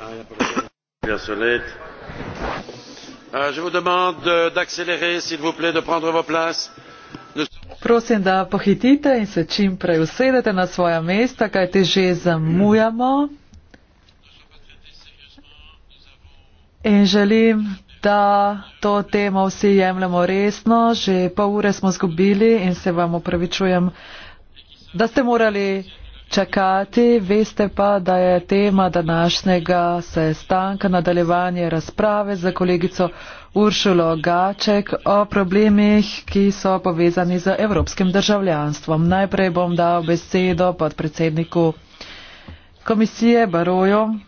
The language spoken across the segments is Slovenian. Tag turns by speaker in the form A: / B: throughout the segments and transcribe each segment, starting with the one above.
A: Euh, je vous demande d'accélérer s'il vous plaît de prendre vos places
B: Prosim, da pohitite in se čim prej usedete na svoja mesta, kaj te že zamujamo. In želim, da to temo vsi jemljemo resno. Že pol ure smo zgubili in se vam opravičujem, da ste morali čakati. Veste pa, da je tema današnjega sestanka nadaljevanje razprave za kolegico Uršulo Gaček o problemih, ki so povezani z evropskim državljanstvom. Najprej bom dal besedo podpredsedniku komisije Baroju.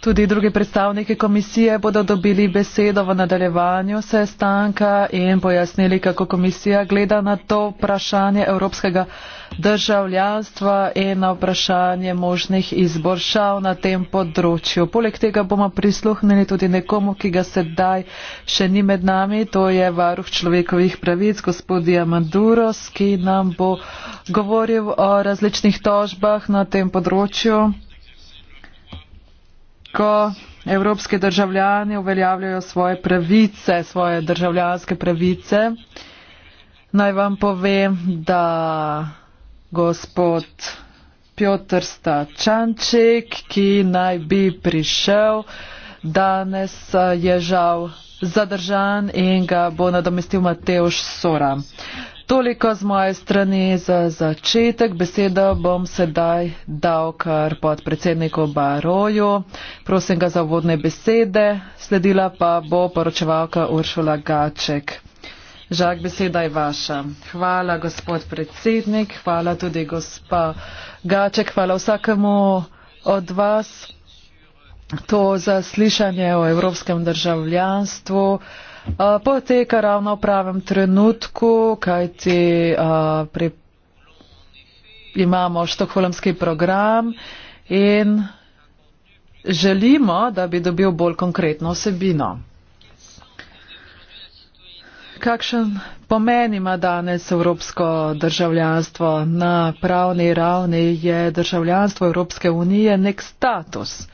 B: Tudi drugi predstavniki komisije bodo dobili besedo v nadaljevanju sestanka in pojasnili, kako komisija gleda na to vprašanje evropskega državljanstva in na vprašanje možnih izboljšav na tem področju. Poleg tega bomo prisluhnili tudi nekomu, ki ga sedaj še ni med nami, to je varuh človekovih pravic, gospod Diamanduros, ki nam bo govoril o različnih tožbah na tem področju ko evropski državljani uveljavljajo svoje pravice, svoje državljanske pravice. Naj vam povem, da gospod Piotr Stačanček, ki naj bi prišel, danes eh, je žal zadržan in ga bo nadomestil Mateoš Sora. Toliko z moje strani za začetek. Beseda bom sedaj dal kar podpredsedniku Baroju. Prosim ga za vodne besede, sledila pa bo poročevalka Uršula Gaček. Žak, beseda je vaša. Hvala, gospod predsednik, hvala tudi gospa Gaček, hvala vsakemu od vas. To zaslišanje o evropskem državljanstvu. Uh, poteka ravno v pravem trenutku, kajti pri, imamo štokholmski program in želimo, da bi dobil bolj konkretno osebino. Kakšen pomen ima danes evropsko državljanstvo? Na pravni ravni je državljanstvo Evropske unije nek status. Uh,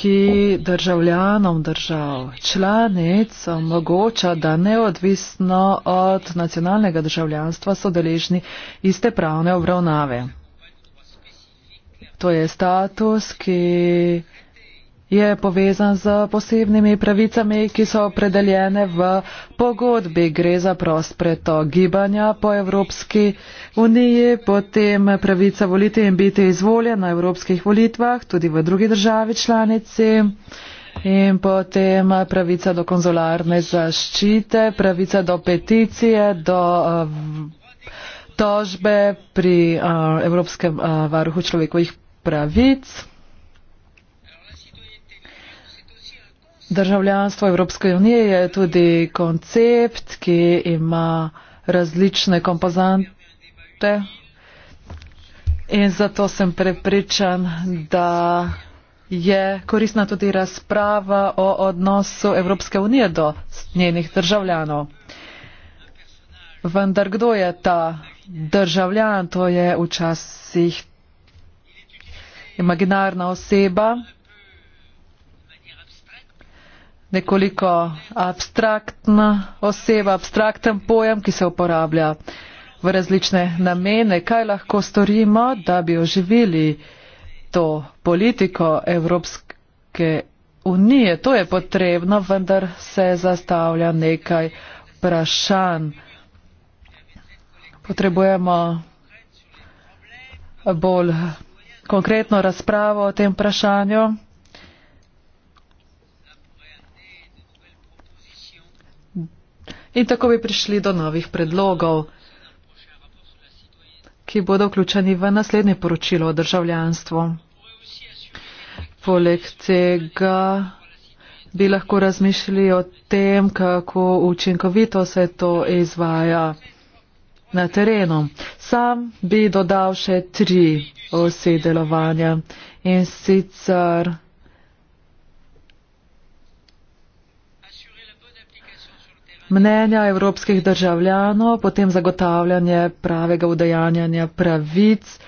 B: ki državljanom držav članic omogoča, da neodvisno od nacionalnega državljanstva so deležni iste pravne obravnave. To je status, ki je povezan z posebnimi pravicami, ki so opredeljene v pogodbi. Gre za prost pretok gibanja po Evropski uniji, potem pravica voliti in biti izvoljen na evropskih volitvah, tudi v drugi državi članici. In potem pravica do konzularne zaščite, pravica do peticije, do eh, tožbe pri uh, Evropskem uh, varuhu človekovih pravic. Državljanstvo Evropske unije je tudi koncept, ki ima različne kompozante in zato sem prepričan, da je korisna tudi razprava o odnosu Evropske unije do njenih državljanov. Vendar kdo je ta državljan? To je včasih imaginarna oseba nekoliko abstraktna oseba, abstrakten pojem, ki se uporablja v različne namene. Kaj lahko storimo, da bi oživili to politiko Evropske unije? To je potrebno, vendar se zastavlja nekaj vprašanj. Potrebujemo bolj konkretno razpravo o tem vprašanju. in tako bi prišli do novih predlogov, ki bodo vključeni v naslednje poročilo o državljanstvu. Poleg tega bi lahko razmišljali o tem, kako učinkovito se to izvaja na terenu. Sam bi dodal še tri osi delovanja in sicer. mnenja evropskih državljanov, potem zagotavljanje pravega udejanjanja pravic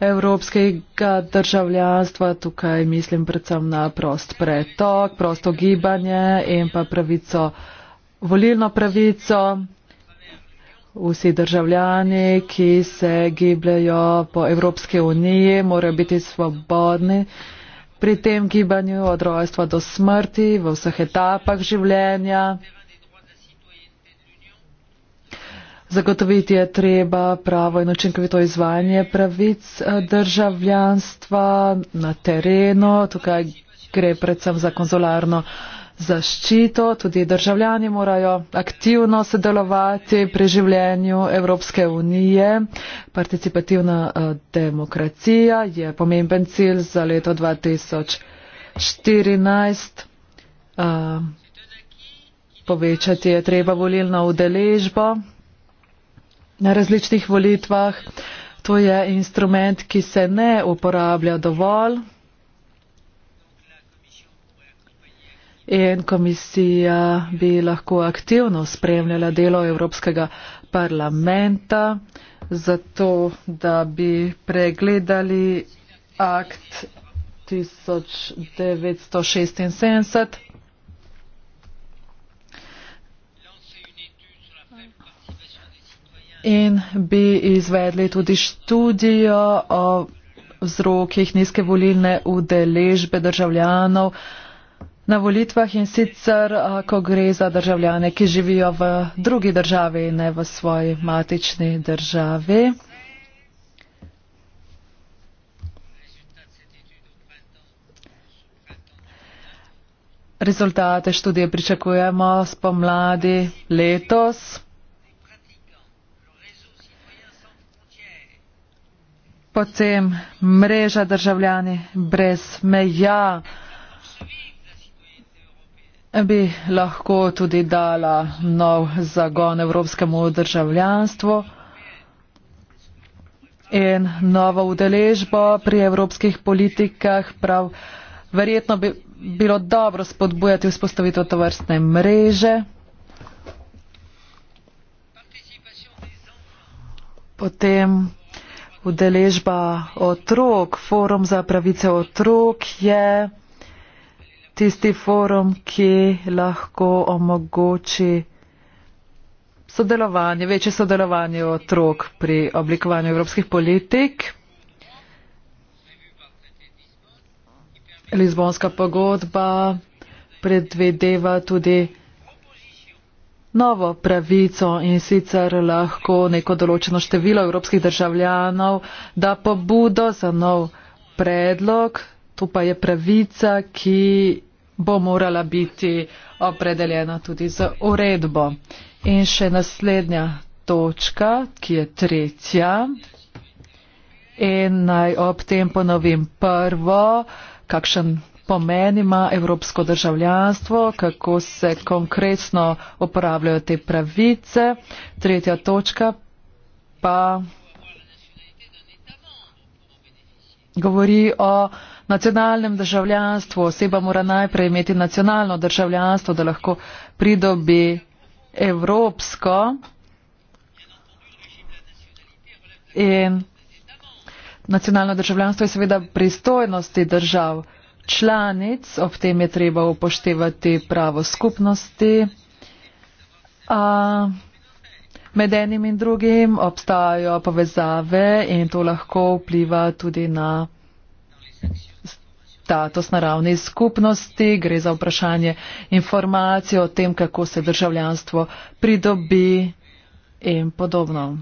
B: evropskega državljanstva, tukaj mislim predvsem na prost pretok, prosto gibanje in pa pravico, volilno pravico. Vsi državljani, ki se gibljajo po Evropske uniji, morajo biti svobodni pri tem gibanju od rojstva do smrti v vseh etapah življenja. Zagotoviti je treba pravo in učinkovito izvajanje pravic eh, državljanstva na terenu. Tukaj gre predvsem za konzularno zaščito. Tudi državljani morajo aktivno sodelovati pri življenju Evropske unije. Participativna eh, demokracija je pomemben cilj za leto 2014. Eh, povečati je treba volilno udeležbo na različnih volitvah. To je instrument, ki se ne uporablja dovolj. In komisija bi lahko aktivno spremljala delo Evropskega parlamenta, zato da bi pregledali akt 1976. in bi izvedli tudi študijo o vzrokih nizke volilne udeležbe državljanov na volitvah in sicer, ko gre za državljane, ki živijo v drugi državi in ne v svoji matični državi. Rezultate študije pričakujemo spomladi letos. potem mreža državljani brez meja bi lahko tudi dala nov zagon evropskemu državljanstvu in novo udeležbo pri evropskih politikah. Prav verjetno bi bilo dobro spodbujati vzpostavitev tovrstne mreže. Potem Udeležba otrok, forum za pravice otrok je tisti forum, ki lahko omogoči sodelovanje, večje sodelovanje otrok pri oblikovanju evropskih politik. Lizbonska pogodba predvedeva tudi novo pravico in sicer lahko neko določeno število evropskih državljanov, da pobudo za nov predlog, tu pa je pravica, ki bo morala biti opredeljena tudi z uredbo. In še naslednja točka, ki je tretja. In naj ob tem ponovim prvo, kakšen pomen ima evropsko državljanstvo, kako se konkretno upravljajo te pravice. Tretja točka pa govori o nacionalnem državljanstvu. Oseba mora najprej imeti nacionalno državljanstvo, da lahko pridobi evropsko. In nacionalno državljanstvo je seveda pristojnosti držav članic, ob tem je treba upoštevati pravo skupnosti. A, med enim in drugim obstajajo povezave in to lahko vpliva tudi na status na ravni skupnosti. Gre za vprašanje informacij o tem, kako se državljanstvo pridobi in podobno.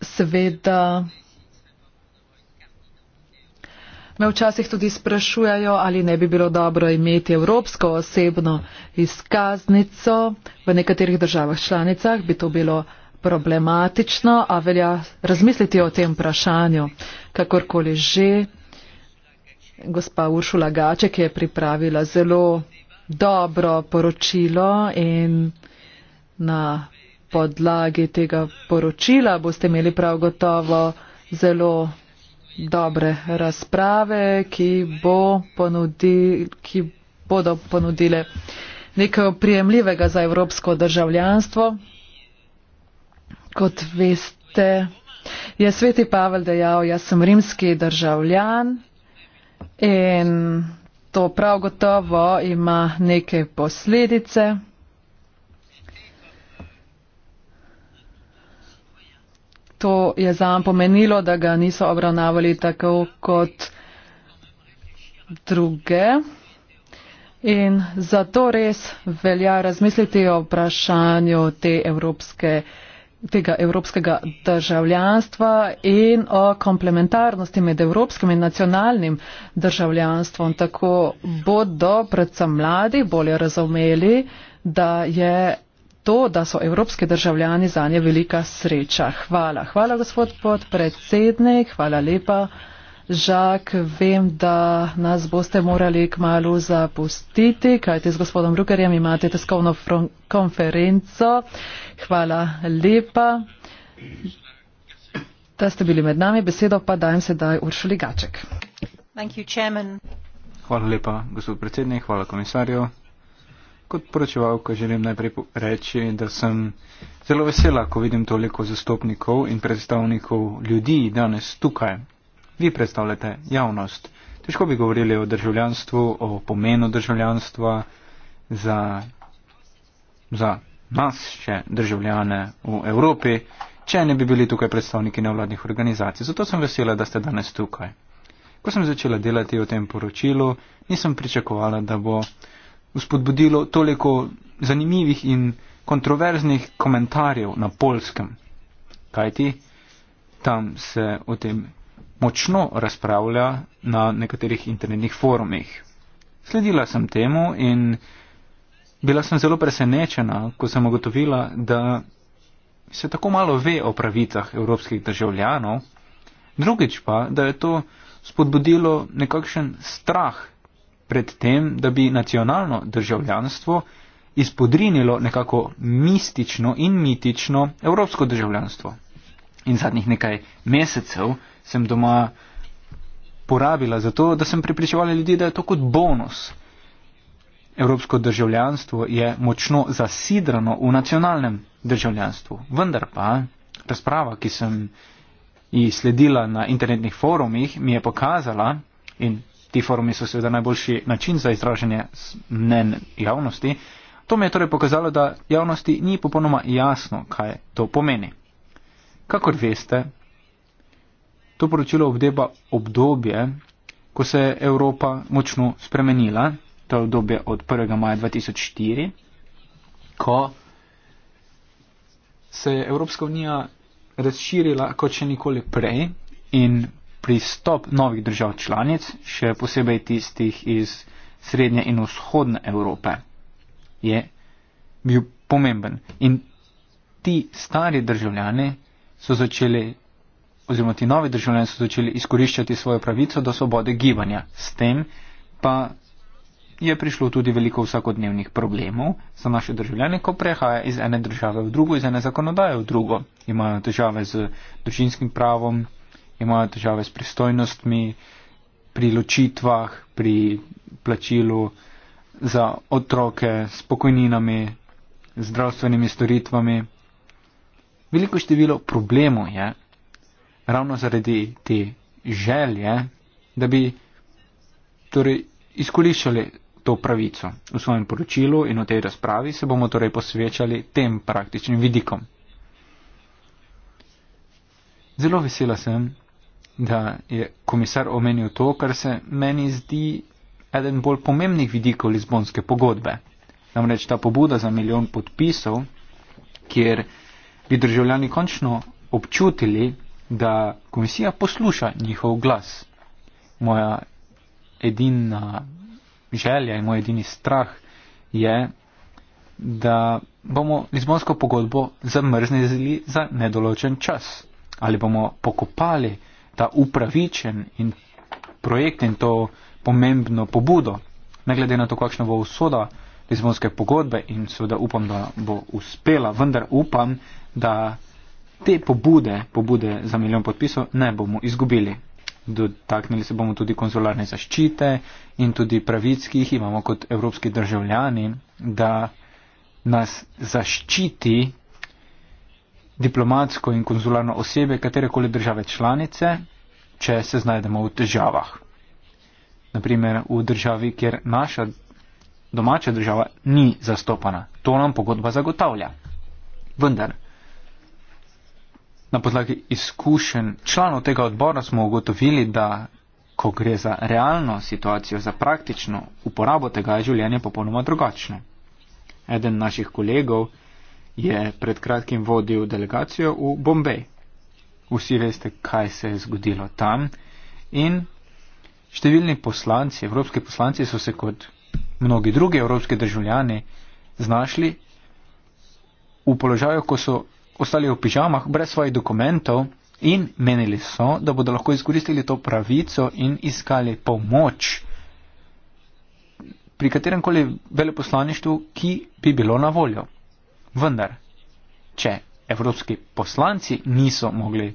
B: Seveda. Me včasih tudi sprašujejo, ali ne bi bilo dobro imeti evropsko osebno izkaznico. V nekaterih državah članicah bi to bilo problematično, a velja razmisliti o tem vprašanju. Kakorkoli že, gospa Uršula Gaček je pripravila zelo dobro poročilo in na podlagi tega poročila boste imeli prav gotovo zelo dobre razprave, ki, bo ponudil, ki bodo ponudile nekaj prijemljivega za evropsko državljanstvo. Kot veste, je sveti Pavel dejal, jaz sem rimski državljan in to prav gotovo ima neke posledice. to je zam pomenilo, da ga niso obravnavali tako kot druge. In zato res velja razmisliti o vprašanju te evropske, tega evropskega državljanstva in o komplementarnosti med evropskim in nacionalnim državljanstvom. Tako bodo predvsem mladi bolje razumeli, da je to, da so evropski državljani za nje velika sreča. Hvala. Hvala, gospod podpredsednik. Hvala lepa. Žak, vem, da nas boste morali kmalo zapustiti, kajte z gospodom Rukerjem imate tiskovno konferenco. Hvala lepa, da ste bili med nami. Besedo pa dajem sedaj Uršuli Gaček.
C: Hvala lepa, gospod predsednik. Hvala komisarju kot poročevalka želim najprej reči, da sem zelo vesela, ko vidim toliko zastopnikov in predstavnikov ljudi danes tukaj. Vi predstavljate javnost. Težko bi govorili o državljanstvu, o pomenu državljanstva za, za nas še državljane v Evropi, če ne bi bili tukaj predstavniki nevladnih organizacij. Zato sem vesela, da ste danes tukaj. Ko sem začela delati o tem poročilu, nisem pričakovala, da bo vzpodbudilo toliko zanimivih in kontroverznih komentarjev na polskem. Kajti tam se o tem močno razpravlja na nekaterih internetnih forumih. Sledila sem temu in bila sem zelo presenečena, ko sem ugotovila, da se tako malo ve o pravicah evropskih državljanov, drugič pa, da je to spodbudilo nekakšen strah pred tem, da bi nacionalno državljanstvo izpodrinilo nekako mistično in mitično evropsko državljanstvo. In zadnjih nekaj mesecev sem doma porabila za to, da sem pripričevala ljudi, da je to kot bonus. Evropsko državljanstvo je močno zasidrano v nacionalnem državljanstvu. Vendar pa razprava, ki sem ji sledila na internetnih forumih, mi je pokazala in Ti forumi so seveda najboljši način za izražanje mnen javnosti. To mi je torej pokazalo, da javnosti ni popolnoma jasno, kaj to pomeni. Kakor veste, to poročilo obdeba obdobje, ko se je Evropa močno spremenila, to je obdobje od 1. maja 2004, ko se je Evropska unija razširila kot še nikoli prej in pristop novih držav članic, še posebej tistih iz srednje in vzhodne Evrope, je bil pomemben. In ti stari državljani so začeli, oziroma ti novi državljani so začeli izkoriščati svojo pravico do svobode gibanja. S tem pa je prišlo tudi veliko vsakodnevnih problemov za naše državljane, ko prehaja iz ene države v drugo, iz ene zakonodaje v drugo. Imajo težave z družinskim pravom, imajo težave s pristojnostmi, pri ločitvah, pri plačilu za otroke, s pokojninami, z zdravstvenimi storitvami. Veliko število problemov je ravno zaradi te želje, da bi torej izkoriščali to pravico. V svojem poročilu in v tej razpravi se bomo torej posvečali tem praktičnim vidikom. Zelo vesela sem, da je komisar omenil to, kar se meni zdi eden bolj pomembnih vidikov Lizbonske pogodbe. Namreč ta pobuda za milijon podpisov, kjer bi državljani končno občutili, da komisija posluša njihov glas. Moja edina želja in moj edini strah je, da bomo Lizbonsko pogodbo zamrznili za nedoločen čas ali bomo pokopali ta upravičen in projekt in to pomembno pobudo, ne glede na to, kakšna bo usoda Lizbonske pogodbe in seveda upam, da bo uspela, vendar upam, da te pobude, pobude za milijon podpisov, ne bomo izgubili. Dotaknili se bomo tudi konzularne zaščite in tudi pravic, ki jih imamo kot evropski državljani, da nas zaščiti diplomatsko in konzularno osebe katerekoli države članice, če se znajdemo v težavah. Naprimer v državi, kjer naša domača država ni zastopana. To nam pogodba zagotavlja. Vendar, na podlagi izkušenj članov tega odbora smo ugotovili, da ko gre za realno situacijo, za praktično uporabo tega, je življenje popolnoma drugačno. Eden naših kolegov je pred kratkim vodil delegacijo v Bombaj. Vsi veste, kaj se je zgodilo tam in številni poslanci, evropski poslanci so se kot mnogi drugi evropski državljani znašli v položaju, ko so ostali v pižamah brez svojih dokumentov in menili so, da bodo lahko izkoristili to pravico in iskali pomoč pri kateremkoli veleposlaništvu, ki bi bilo na voljo. Vendar, če evropski poslanci niso mogli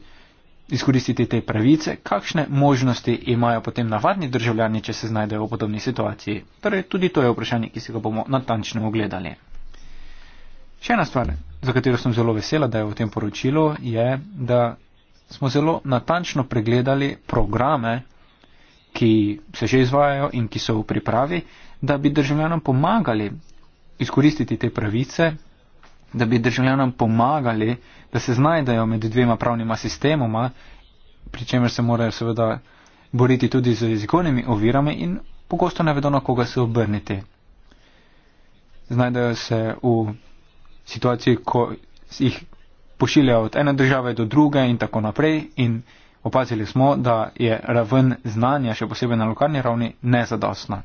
C: izkoristiti te pravice, kakšne možnosti imajo potem navadni državljani, če se znajdejo v podobni situaciji? Torej, tudi to je vprašanje, ki si ga bomo natančno ogledali. Še ena stvar, za katero sem zelo vesela, da je v tem poročilu, je, da smo zelo natančno pregledali programe, ki se že izvajajo in ki so v pripravi, da bi državljanom pomagali izkoristiti te pravice, da bi državljanom pomagali, da se znajdejo med dvema pravnima sistemoma, pri čemer se morajo seveda boriti tudi z jezikovnimi ovirami in pogosto ne vedo, na koga se obrniti. Znajdejo se v situaciji, ko jih pošiljajo od ene države do druge in tako naprej in opazili smo, da je raven znanja, še posebej na lokalni ravni, nezadostna.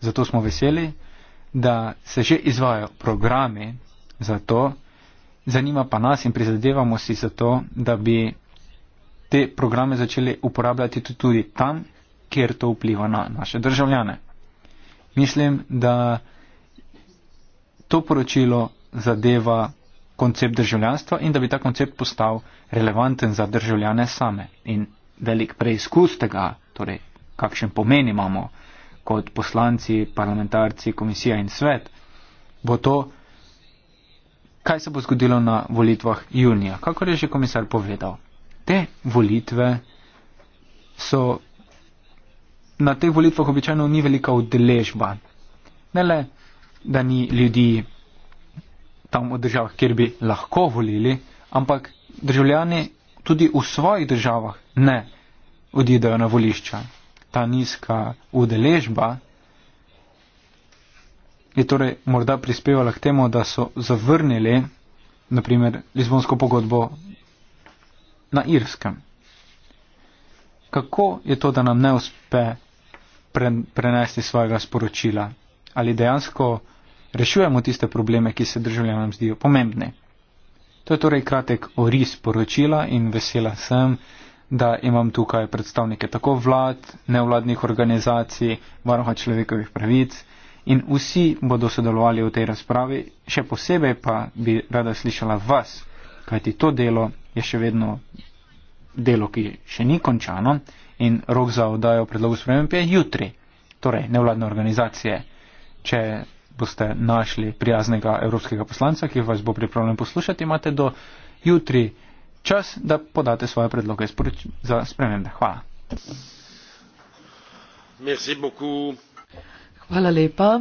C: Zato smo veseli, da se že izvajo programe, za to, zanima pa nas in prizadevamo si za to, da bi te programe začeli uporabljati tudi tam, kjer to vpliva na naše državljane. Mislim, da to poročilo zadeva koncept državljanstva in da bi ta koncept postal relevanten za državljane same. In velik preizkus tega, torej kakšen pomen imamo kot poslanci, parlamentarci, komisija in svet, bo to kaj se bo zgodilo na volitvah junija. Kakor je že komisar povedal, te volitve so na teh volitvah običajno ni velika udeležba. Ne le, da ni ljudi tam v državah, kjer bi lahko volili, ampak državljani tudi v svojih državah ne odidejo na volišča. Ta nizka udeležba je torej morda prispevala k temu, da so zavrnili naprimer Lizbonsko pogodbo na Irskem. Kako je to, da nam ne uspe prenesti svojega sporočila? Ali dejansko rešujemo tiste probleme, ki se državljanom zdijo pomembni? To je torej kratek oris poročila in vesela sem, da imam tukaj predstavnike tako vlad, nevladnih organizacij, varoha človekovih pravic, in vsi bodo sodelovali v tej razpravi, še posebej pa bi rada slišala vas, kajti to delo je še vedno delo, ki še ni končano in rok za oddajo predlogu spremembe je jutri. Torej, nevladne organizacije, če boste našli prijaznega evropskega poslanca, ki vas bo pripravljen poslušati, imate do jutri čas, da podate svoje predloge za spremembe. Hvala.
A: Merci beaucoup.
B: Hvala lepa,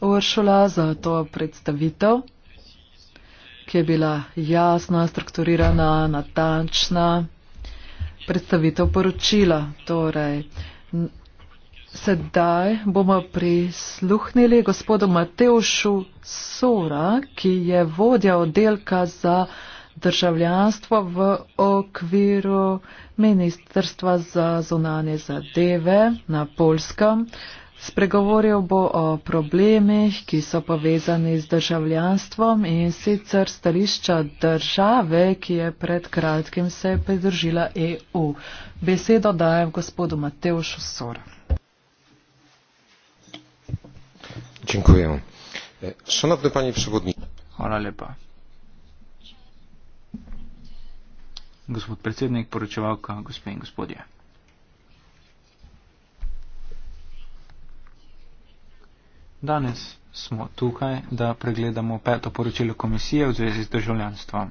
B: Uršula, za to predstavitev, ki je bila jasna, strukturirana, natančna. Predstavitev poročila. Torej, sedaj bomo prisluhnili gospodu Mateušu Sora, ki je vodja oddelka za državljanstvo v okviru Ministrstva za zunanje zadeve na Polskem. Spregovoril bo o problemih, ki so povezani z državljanstvom in sicer stališča države, ki je pred kratkim se pridržila EU. Besedo dajem gospodu Mateušu Sora.
C: Hvala lepa. Gospod predsednik, poročevalka, gospe in gospodje. Danes smo tukaj, da pregledamo peto poročilo komisije v zvezi z državljanstvom.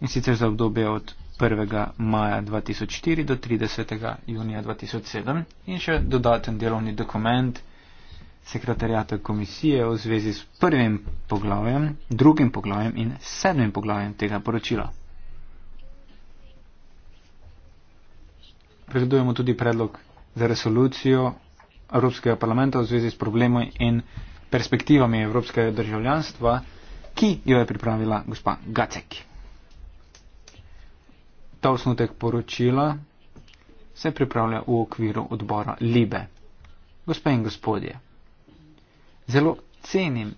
C: In sicer za obdobje od 1. maja 2004 do 30. junija 2007 in še dodaten delovni dokument sekretarjata komisije v zvezi s prvim poglavjem, drugim poglavjem in sedmim poglavjem tega poročila. Pregledujemo tudi predlog za resolucijo Evropskega parlamenta v zvezi s problemi in perspektivami evropskega državljanstva, ki jo je pripravila gospa Gacek. Ta osnutek poročila se pripravlja v okviru odbora Libe. Gospe in gospodje, zelo cenim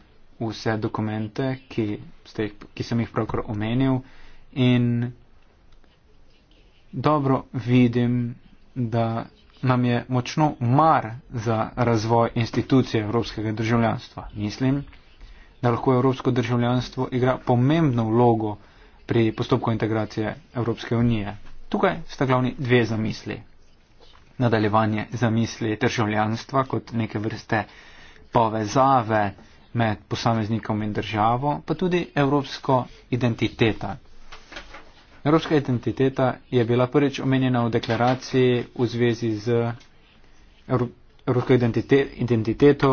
C: vse dokumente, ki, ste, ki sem jih pravkar omenil in dobro vidim, da nam je močno mar za razvoj institucije evropskega državljanstva. Mislim, da lahko evropsko državljanstvo igra pomembno vlogo pri postopku integracije Evropske unije. Tukaj sta glavni dve zamisli. Nadaljevanje zamisli državljanstva kot neke vrste povezave med posameznikom in državo, pa tudi evropsko identiteta, Evropska identiteta je bila prvič omenjena v deklaraciji v zvezi z evropsko identiteto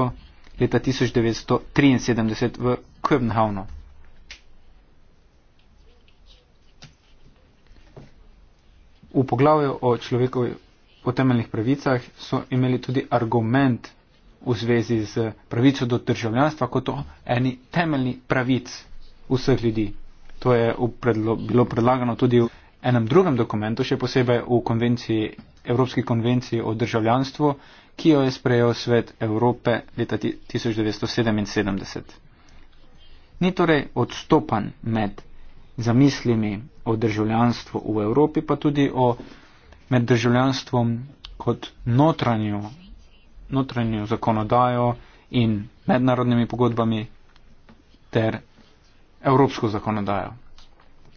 C: leta 1973 v Kopenhavnu. V poglavju o človekovih temeljnih pravicah so imeli tudi argument v zvezi z pravico do državljanstva kot o eni temeljni pravic vseh ljudi. To je upredlo, bilo predlagano tudi v enem drugem dokumentu, še posebej v konvenciji, Evropski konvenciji o državljanstvu, ki jo je sprejel svet Evrope leta 1977. Ni torej odstopan med zamislimi o državljanstvu v Evropi, pa tudi o med državljanstvom kot notranjo, notranjo zakonodajo in mednarodnimi pogodbami ter evropsko zakonodajo.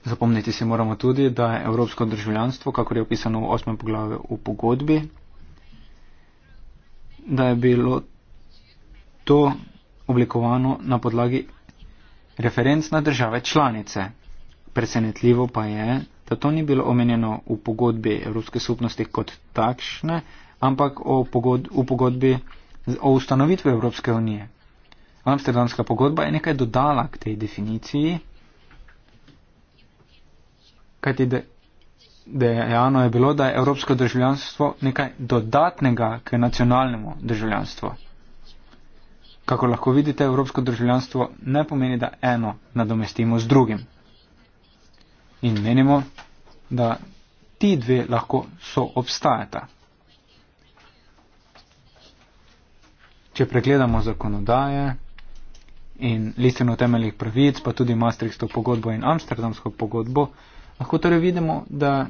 C: Zapomniti si moramo tudi, da je evropsko državljanstvo, kako je opisano v osmem poglavju v pogodbi, da je bilo to oblikovano na podlagi referenc na države članice. Presenetljivo pa je, da to ni bilo omenjeno v pogodbi Evropske skupnosti kot takšne, ampak pogod v pogodbi o ustanovitvi Evropske unije. Amsterdamska pogodba je nekaj dodala k tej definiciji, kajti dejano je bilo, da je evropsko državljanstvo nekaj dodatnega k nacionalnemu državljanstvu. Kako lahko vidite, evropsko državljanstvo ne pomeni, da eno nadomestimo z drugim. In menimo, da ti dve lahko so obstajata. Če pregledamo zakonodaje, in listino temeljih pravic, pa tudi Maastrichtsko pogodbo in Amsterdamsko pogodbo, lahko torej vidimo, da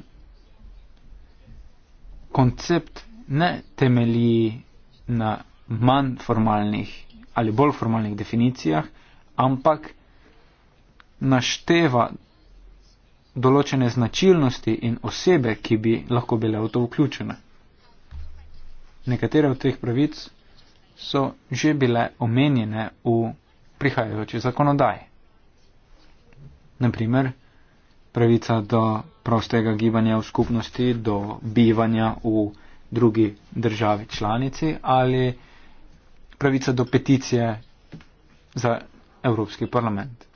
C: koncept ne temelji na manj formalnih ali bolj formalnih definicijah, ampak našteva določene značilnosti in osebe, ki bi lahko bile v to vključene. Nekatere od teh pravic so že bile omenjene v prihajajoči zakonodaj. Naprimer, pravica do prostega gibanja v skupnosti, do bivanja v drugi državi članici ali pravica do peticije za Evropski parlament.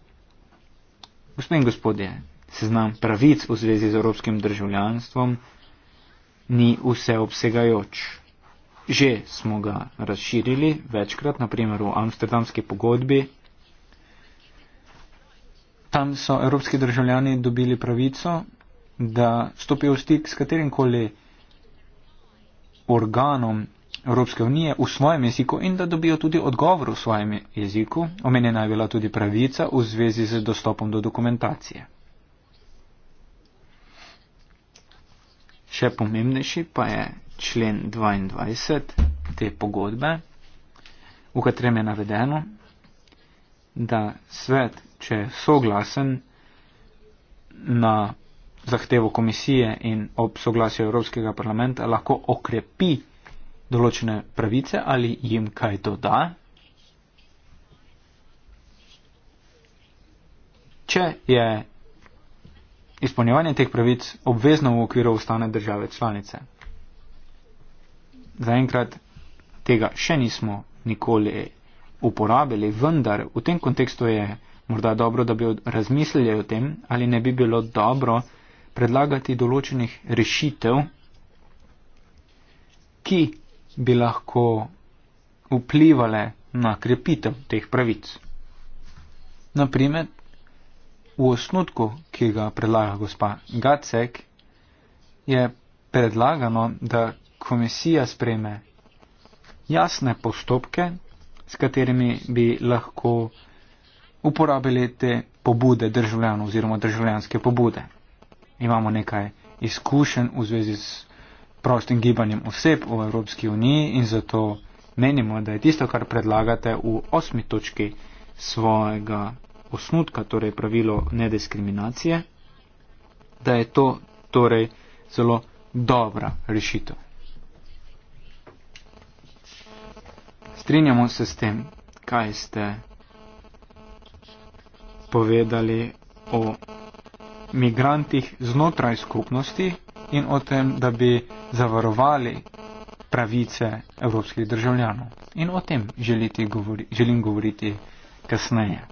C: Gospod in gospodje, seznam pravic v zvezi z evropskim državljanstvom ni vseobsegajoč že smo ga razširili večkrat, naprimer v amsterdamski pogodbi. Tam so evropski državljani dobili pravico, da stopijo v stik s katerimkoli organom Evropske unije v svojem jeziku in da dobijo tudi odgovor v svojem jeziku. Omenjena je bila tudi pravica v zvezi z dostopom do dokumentacije. Še pomembnejši pa je člen 22 te pogodbe, v katerem je navedeno, da svet, če je soglasen na zahtevo komisije in ob soglasju Evropskega parlamenta, lahko okrepi določene pravice ali jim kaj doda. Če je izpolnjevanje teh pravic obvezno v okviru ustane države članice zaenkrat tega še nismo nikoli uporabili, vendar v tem kontekstu je morda dobro, da bi razmislili o tem, ali ne bi bilo dobro predlagati določenih rešitev, ki bi lahko vplivale na krepitev teh pravic. Naprimer, v osnutku, ki ga predlaga gospa Gacek, je predlagano, da komisija spreme jasne postopke, s katerimi bi lahko uporabili te pobude državljanov oziroma državljanske pobude. Imamo nekaj izkušenj v zvezi s prostim gibanjem oseb v Evropski uniji in zato menimo, da je tisto, kar predlagate v osmi točki svojega osnutka, torej pravilo nediskriminacije, da je to torej zelo dobra rešitev. strinjamo se s tem, kaj ste povedali o migrantih znotraj skupnosti in o tem, da bi zavarovali pravice evropskih državljanov. In o tem želiti govori, želim govoriti kasneje.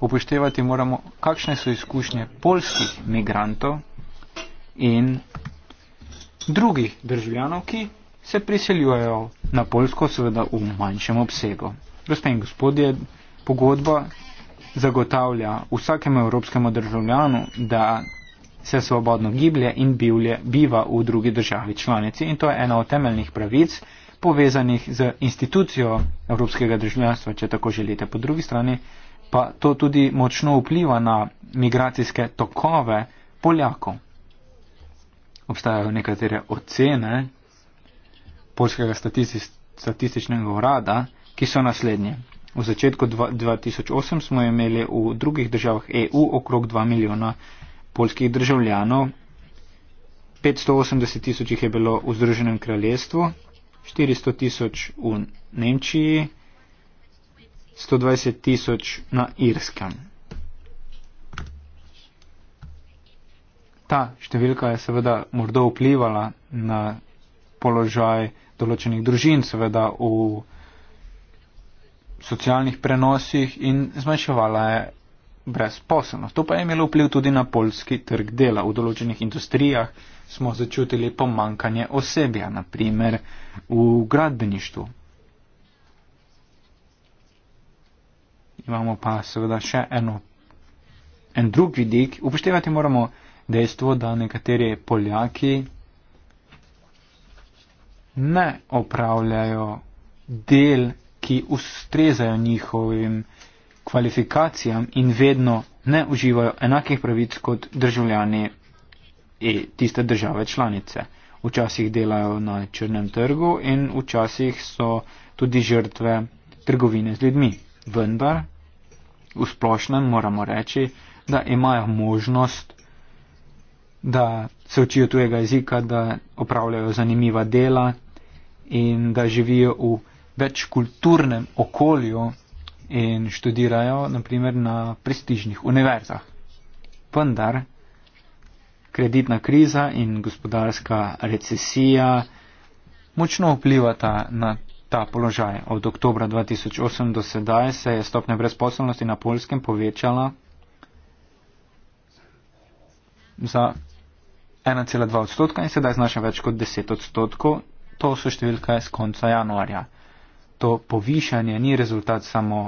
C: Upoštevati moramo, kakšne so izkušnje polskih migrantov in drugih državljanov, ki se priseljujejo na Polsko, seveda v manjšem obsegu. Gospe in gospodje, pogodba zagotavlja vsakemu evropskemu državljanu, da se svobodno giblje in bivlje, biva v drugi državi članici in to je ena od temeljnih pravic povezanih z institucijo evropskega državljanstva, če tako želite. Po drugi strani pa to tudi močno vpliva na migracijske tokove Poljakov obstajajo nekatere ocene polskega statisti statističnega urada, ki so naslednje. V začetku 2008 smo imeli v drugih državah EU okrog 2 milijona polskih državljanov, 580 tisoč jih je bilo v Združenem kraljestvu, 400 tisoč v Nemčiji, 120 tisoč na Irskem. ta številka je seveda morda vplivala na položaj določenih družin, seveda v socialnih prenosih in zmanjševala je brezposelnost. To pa je imelo vpliv tudi na polski trg dela. V določenih industrijah smo začutili pomankanje osebja, naprimer v gradbeništvu. Imamo pa seveda še eno, en drug vidik. Upoštevati moramo, dejstvo, da nekateri Poljaki ne opravljajo del, ki ustrezajo njihovim kvalifikacijam in vedno ne uživajo enakih pravic kot državljani e, tiste države članice. Včasih delajo na črnem trgu in včasih so tudi žrtve trgovine z ljudmi. Vendar, v splošnem moramo reči, da imajo možnost da se učijo tujega jezika, da opravljajo zanimiva dela in da živijo v večkulturnem okolju in študirajo naprimer na prestižnih univerzah. Vendar kreditna kriza in gospodarska recesija močno vplivata na ta položaj. Od oktobra 2008 do sedaj se je stopnja brezposobnosti na polskem povečala za 1,2 odstotka in sedaj znaša več kot 10 odstotkov. To so številke z konca januarja. To povišanje ni rezultat samo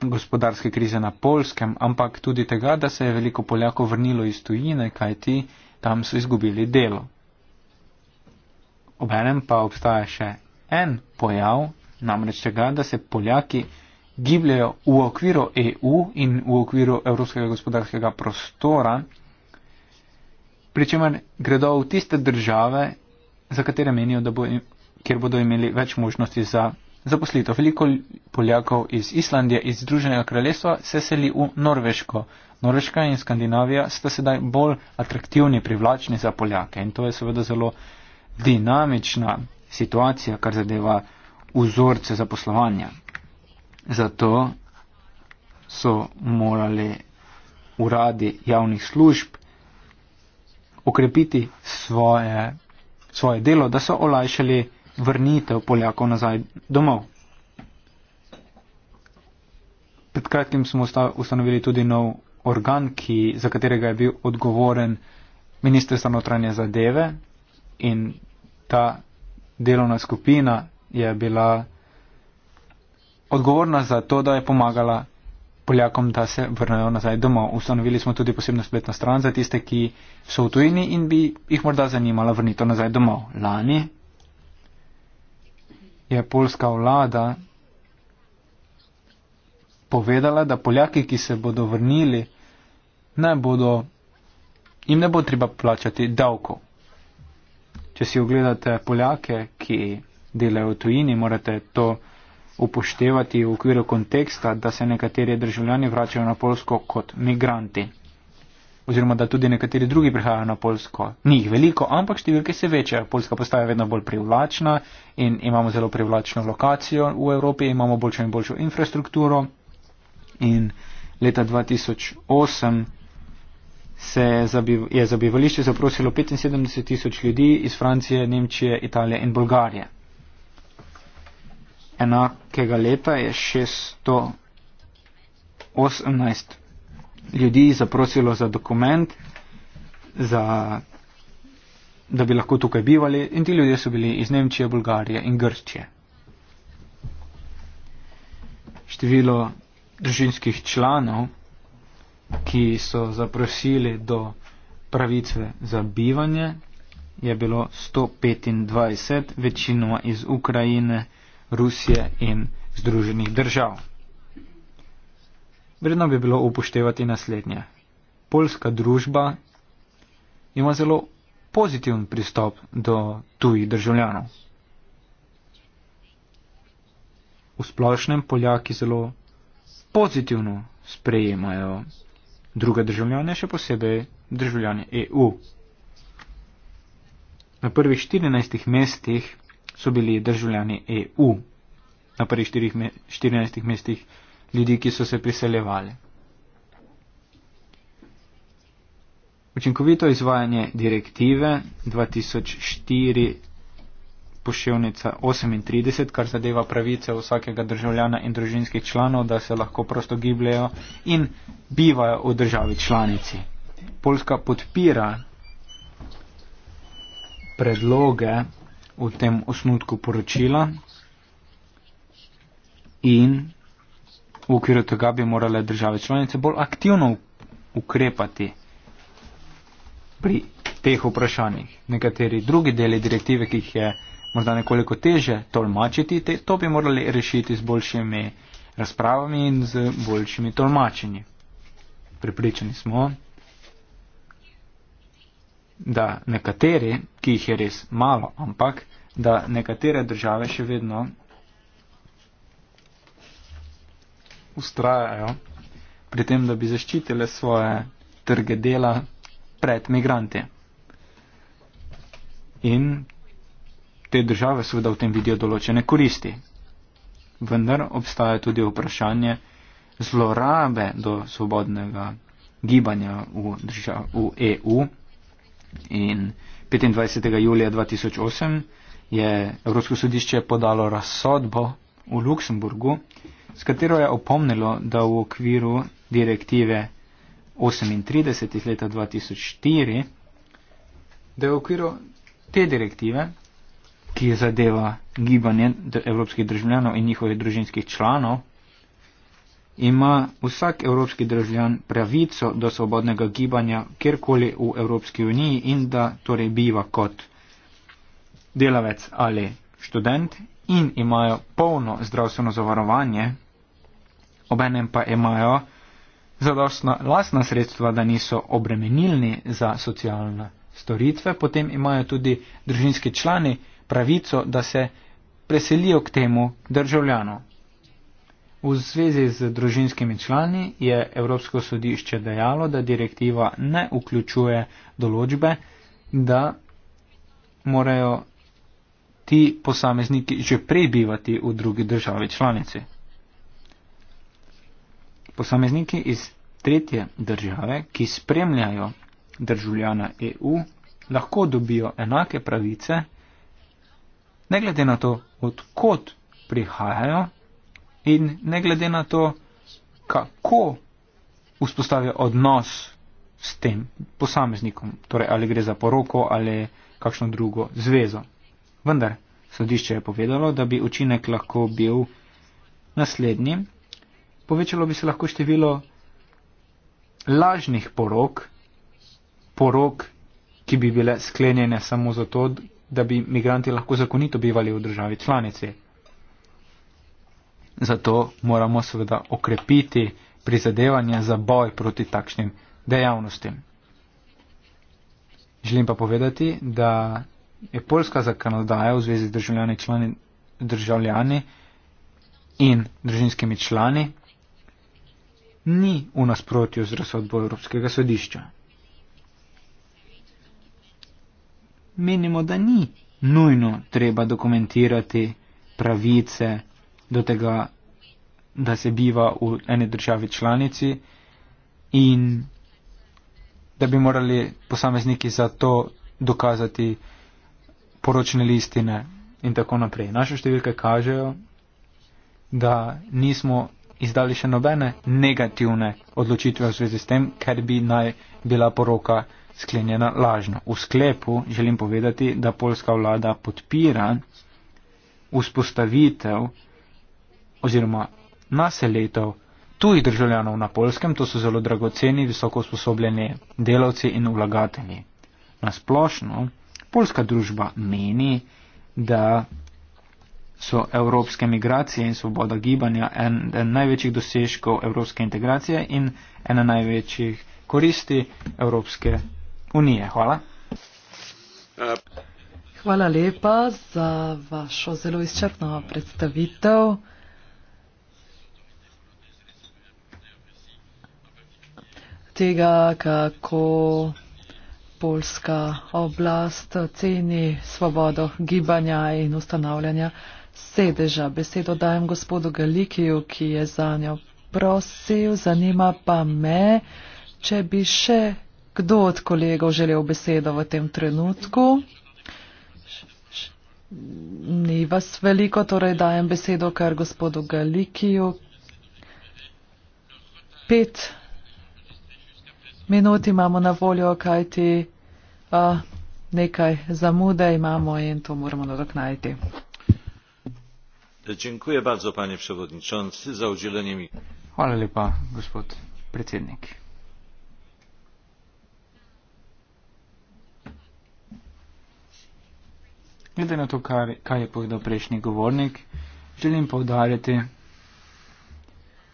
C: gospodarske krize na polskem, ampak tudi tega, da se je veliko Poljakov vrnilo iz tujine, kajti tam so izgubili delo. Obenem pa obstaja še en pojav, namreč tega, da se Poljaki gibljajo v okviru EU in v okviru Evropskega gospodarskega prostora pri čemer gredo v tiste države, za katere menijo, da bo, kjer bodo imeli več možnosti za zaposlitev. Veliko Poljakov iz Islandije, iz Združenega kraljestva se seli v Norveško. Norveška in Skandinavija sta sedaj bolj atraktivni, privlačni za Poljake in to je seveda zelo dinamična situacija, kar zadeva vzorce zaposlovanja. Zato so morali uradi javnih služb okrepiti svoje, svoje delo, da so olajšali vrnitev Poljakov nazaj domov. Pred kratkim smo ustanovili tudi nov organ, ki, za katerega je bil odgovoren ministr za notranje zadeve in ta delovna skupina je bila odgovorna za to, da je pomagala Poljakom, da se vrnejo nazaj domov. Ustanovili smo tudi posebno spletno stran za tiste, ki so v tujini in bi jih morda zanimala vrnitev nazaj domov. Lani je polska vlada povedala, da Poljaki, ki se bodo vrnili, ne bodo, jim ne bo treba plačati davkov. Če si ogledate Poljake, ki delajo v tujini, morate to upoštevati v okviru konteksta, da se nekateri državljani vračajo na Polsko kot migranti. Oziroma, da tudi nekateri drugi prihajajo na Polsko. Ni jih veliko, ampak številke se večajo. Polska postaja vedno bolj privlačna in imamo zelo privlačno lokacijo v Evropi, imamo boljšo in boljšo infrastrukturo. In leta 2008 se je za bivališče zaprosilo 75 tisoč ljudi iz Francije, Nemčije, Italije in Bolgarije enakega leta je 618 ljudi zaprosilo za dokument, za, da bi lahko tukaj bivali in ti ljudje so bili iz Nemčije, Bulgarije in Grčije. Število družinskih članov, ki so zaprosili do pravice za bivanje, je bilo 125, večinoma iz Ukrajine. Rusije in Združenih držav. Vredno bi bilo upoštevati naslednje. Polska družba ima zelo pozitiven pristop do tujih državljanov. V splošnem Poljaki zelo pozitivno sprejemajo druge državljane, še posebej državljane EU. Na prvih 14 mestih so bili državljani EU na prvih 14 mestih ljudi, ki so se priseljevali. Učinkovito izvajanje direktive 2004 poševnica 38, kar zadeva pravice vsakega državljana in družinskih članov, da se lahko prosto gibljajo in bivajo v državi članici. Poljska podpira predloge v tem osnutku poročila in v okviru tega bi morale države članice bolj aktivno ukrepati pri teh vprašanjih. Nekateri drugi deli direktive, ki jih je morda nekoliko teže tolmačiti, te, to bi morali rešiti z boljšimi razpravami in z boljšimi tolmačenji. Pripričani smo, da nekateri, ki jih je res malo, ampak da nekatere države še vedno ustrajajo pri tem, da bi zaščitile svoje trge dela pred migranti. In te države seveda v tem vidijo določene koristi. Vendar obstaja tudi vprašanje zlorabe do svobodnega gibanja v, držav, v EU. In 25. julija 2008 je Evropsko sodišče podalo razsodbo v Luksemburgu, s katero je opomnilo, da v okviru direktive 38 iz leta 2004, da je v okviru te direktive, ki zadeva gibanje evropskih državljanov in njihovih družinskih članov, ima vsak evropski državljan pravico do svobodnega gibanja kjerkoli v Evropski uniji in da torej biva kot delavec ali študent in imajo polno zdravstveno zavarovanje, obenem pa imajo zadostna lasna sredstva, da niso obremenilni za socialne storitve, potem imajo tudi družinski člani pravico, da se preselijo k temu državljanu. V zvezi z družinskimi člani je Evropsko sodišče dejalo, da direktiva ne vključuje določbe, da morajo ti posamezniki že prebivati v drugi državi članici. Posamezniki iz tretje države, ki spremljajo državljana EU, lahko dobijo enake pravice, ne glede na to, odkot prihajajo in ne glede na to, kako vzpostavi odnos s tem posameznikom, torej ali gre za poroko ali kakšno drugo zvezo. Vendar sodišče je povedalo, da bi učinek lahko bil naslednji. Povečalo bi se lahko število lažnih porok, porok, ki bi bile sklenjene samo zato, da bi imigranti lahko zakonito bivali v državi članici. Zato moramo seveda okrepiti prizadevanje za boj proti takšnim dejavnostim. Želim pa povedati, da je polska zakonodaja v zvezi z državljani, člani, državljani in družinskimi člani ni v nasprotju z razsodbo Evropskega sodišča. Menimo, da ni nujno treba dokumentirati pravice, do tega, da se biva v eni državi članici in da bi morali posamezniki za to dokazati poročne listine in tako naprej. Naše številke kažejo, da nismo izdali še nobene negativne odločitve v zvezi s tem, ker bi naj bila poroka sklenjena lažno. V sklepu želim povedati, da polska vlada podpira vzpostavitev oziroma mase letov tujih državljanov na polskem, to so zelo dragoceni, visoko usposobljeni delavci in vlagatelji. Nasplošno, polska družba meni, da so evropske migracije in svoboda gibanja en, en največjih dosežkov evropske integracije in ena največjih koristi Evropske unije. Hvala.
B: Hvala lepa za vašo zelo izčrpno predstavitev. tega, kako polska oblast ceni svobodo gibanja in ustanavljanja sedeža. Besedo dajem gospodu Galikiju, ki je za njo prosil, zanima pa me, če bi še kdo od kolegov želel besedo v tem trenutku. Ni vas veliko, torej dajem besedo kar gospodu Galikiju. Pet minut imamo na voljo, kajti uh, nekaj zamude imamo in to moramo nadoknajti.
A: Dziękuję bardzo, panie przewodniczący, za udzielenie mi.
C: Hvala lepa, gospod predsednik. Glede na to, kar, kaj je povedal prejšnji govornik, želim povdarjati,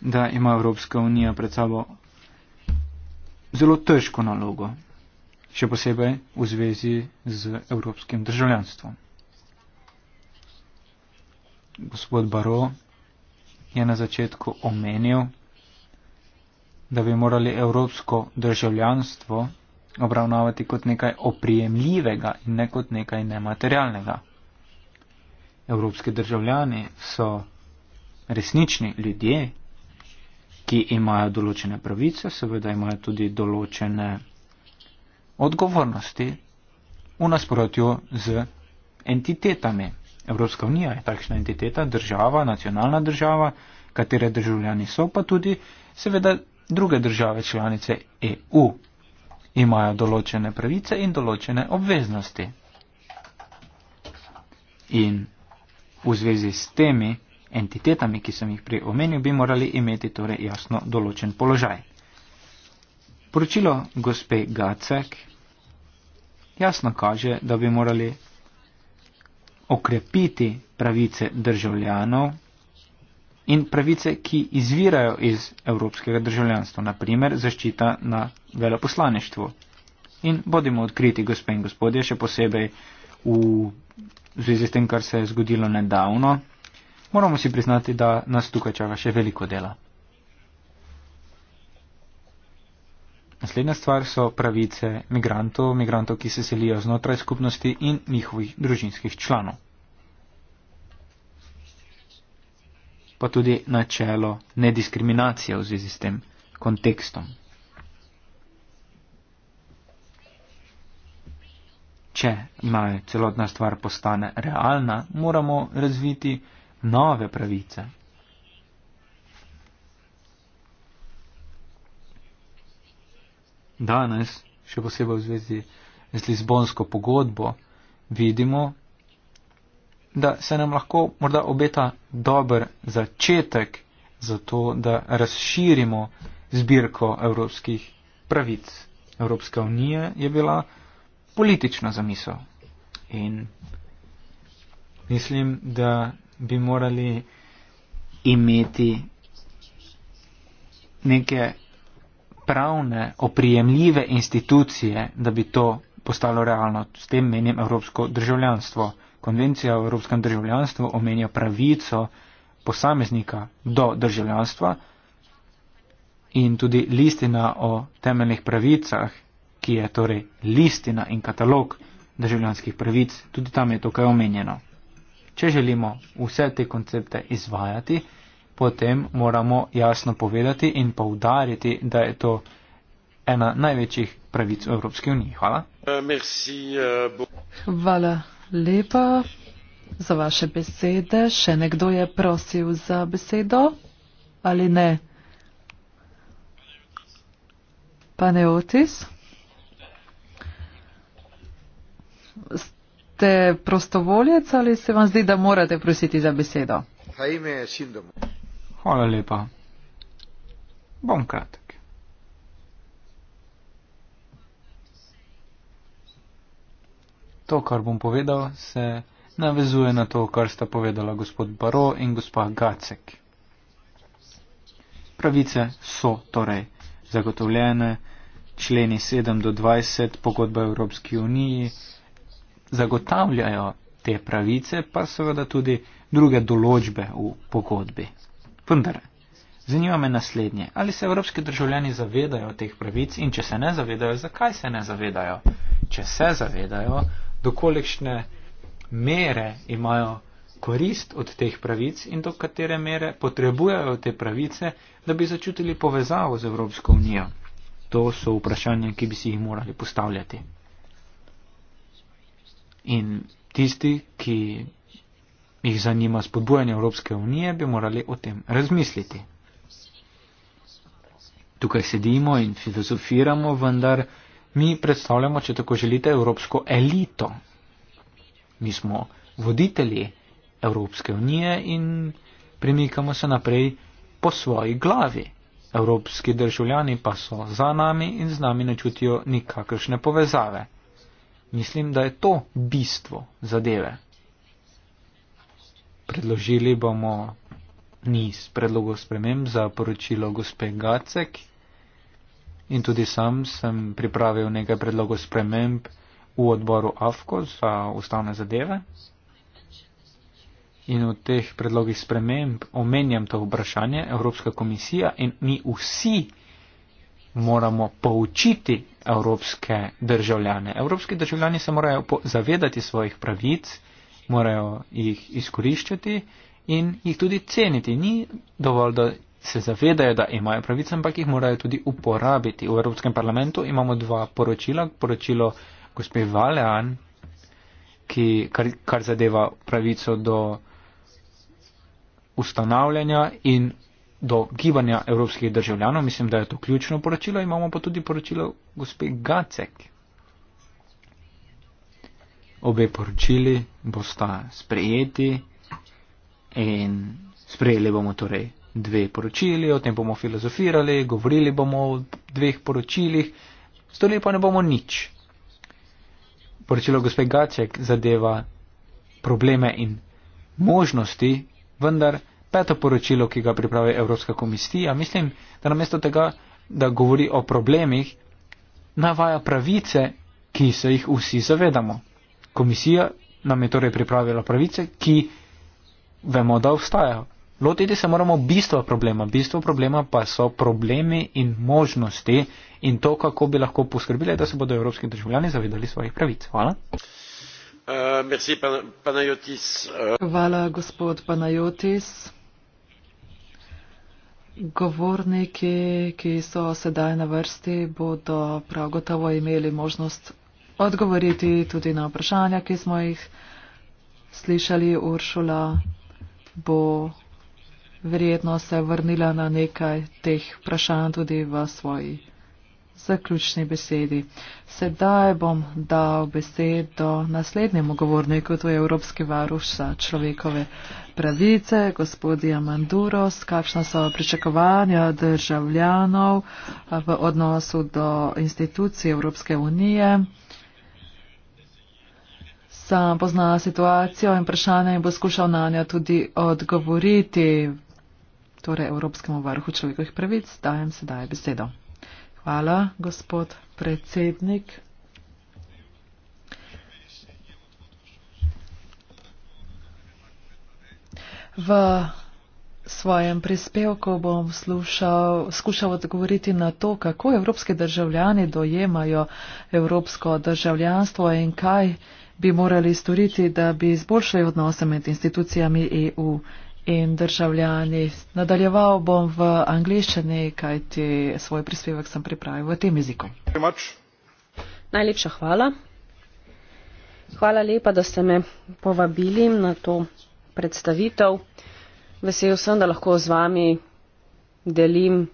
C: da ima Evropska unija pred sabo zelo težko nalogo, še posebej v zvezi z evropskim državljanstvom. Gospod Baro je na začetku omenil, da bi morali evropsko državljanstvo obravnavati kot nekaj oprijemljivega in ne kot nekaj nematerialnega. Evropski državljani so resnični ljudje, ki imajo določene pravice, seveda imajo tudi določene odgovornosti v nasprotju z entitetami. Evropska unija je takšna entiteta, država, nacionalna država, katere državljani so, pa tudi seveda druge države članice EU imajo določene pravice in določene obveznosti. In v zvezi s temi entitetami, ki sem jih prej omenil, bi morali imeti torej jasno določen položaj. Poročilo gospe Gacek jasno kaže, da bi morali okrepiti pravice državljanov in pravice, ki izvirajo iz evropskega državljanstva, naprimer zaščita na veleposlaništvu. In bodimo odkriti, gospe in gospodje, še posebej v zvezi s tem, kar se je zgodilo nedavno, moramo si priznati, da nas tukaj čaka še veliko dela. Naslednja stvar so pravice migrantov, migrantov, ki se selijo znotraj skupnosti in njihovih družinskih članov. Pa tudi načelo nediskriminacije v zvezi s tem kontekstom. Če naj celotna stvar postane realna, moramo razviti nove pravice. Danes, še posebej v zvezi z Lizbonsko pogodbo, vidimo, da se nam lahko morda obeta dober začetek za to, da razširimo zbirko evropskih pravic. Evropska unija je bila politična zamisel in mislim, da bi morali imeti neke pravne, oprijemljive institucije, da bi to postalo realno. S tem menim evropsko državljanstvo. Konvencija o evropskem državljanstvu omenja pravico posameznika do državljanstva in tudi listina o temeljnih pravicah, ki je torej listina in katalog državljanskih pravic, tudi tam je tukaj omenjeno. Če želimo vse te koncepte izvajati, potem moramo jasno povedati in poudariti, da je to ena največjih
A: pravic v Evropski uniji.
B: Hvala. Eh, Hvala lepa za vaše besede. Še nekdo je prosil za besedo ali ne? Pane Otis ste prostovoljec ali se vam zdi, da morate prositi za besedo? Hvala lepa. Bom kratek.
C: To, kar bom povedal, se navezuje na to, kar sta povedala gospod Baro in gospa Gacek. Pravice so torej zagotovljene, členi 7 do 20 pogodbe Evropske unije zagotavljajo te pravice, pa seveda tudi druge določbe v pogodbi. Vendar, zanima me naslednje, ali se evropski državljani zavedajo teh pravic in če se ne zavedajo, zakaj se ne zavedajo? Če se zavedajo, dokolikšne mere imajo korist od teh pravic in do katere mere potrebujejo te pravice, da bi začutili povezavo z Evropsko unijo. To so vprašanja, ki bi si jih morali postavljati. In tisti, ki jih zanima spodbujanje Evropske unije, bi morali o tem razmisliti. Tukaj sedimo in filozofiramo, vendar mi predstavljamo, če tako želite, evropsko elito. Mi smo voditelji Evropske unije in premikamo se naprej po svoji glavi. Evropski državljani pa so za nami in z nami ne čutijo nikakršne povezave. Mislim, da je to bistvo zadeve. Predložili bomo niz predlogov sprememb za poročilo gospe Gacek in tudi sam sem pripravil nekaj predlogov sprememb v odboru AFKO za ustavne zadeve. In v teh predlogih sprememb omenjam to vprašanje, Evropska komisija in mi vsi moramo poučiti evropske državljane. Evropski državljani se morajo zavedati svojih pravic, morajo jih izkoriščati in jih tudi ceniti. Ni dovolj, da se zavedajo, da imajo pravice, ampak jih morajo tudi uporabiti. V Evropskem parlamentu imamo dva poročila. Poročilo gospe Valean, ki, kar, kar zadeva pravico do ustanavljanja in do gibanja evropskih državljanov. Mislim, da je to ključno poročilo. Imamo pa tudi poročilo gospe Gacek. Obe poročili bosta sprejeti in sprejeli bomo torej dve poročili, o tem bomo filozofirali, govorili bomo o dveh poročilih, storili pa ne bomo nič. Poročilo gospe Gacek zadeva probleme in možnosti, vendar peto poročilo, ki ga pripravi Evropska komisija, mislim, da namesto tega, da govori o problemih, navaja pravice, ki se jih vsi zavedamo. Komisija nam je torej pripravila pravice, ki vemo, da obstajajo. Lotiti se moramo bistva problema. Bistvo problema pa so problemi in možnosti in to, kako bi lahko poskrbili, da
B: se bodo evropski državljani zavedali svojih pravic. Hvala.
A: Uh, merci, pan, uh.
B: Hvala, gospod Panajotis. Govorniki, ki so sedaj na vrsti, bodo prav gotovo imeli možnost odgovoriti tudi na vprašanja, ki smo jih slišali. Uršula bo verjetno se vrnila na nekaj teh vprašanj tudi v svoji zaključni besedi. Sedaj bom dal besedo naslednjemu govorniku, to je Evropski varuš za človekove pravice, gospodija Manduros, kakšna so pričakovanja državljanov eh, v odnosu do institucij Evropske unije. Sam pozna situacijo in vprašanje in bo skušal na njo tudi odgovoriti, torej Evropskemu vrhu človekovih pravic. Dajem sedaj besedo. Hvala, gospod predsednik. V svojem prispevku bom slušal, skušal odgovoriti na to, kako evropske državljani dojemajo evropsko državljanstvo in kaj bi morali storiti, da bi izboljšali odnose med institucijami EU in državljani. Nadaljeval bom v
D: angliščini, kajti svoj prispevek sem pripravil v tem jeziku. Najlepša hvala. Hvala lepa, da ste me povabili na to predstavitev. Vesel sem, da lahko z vami delim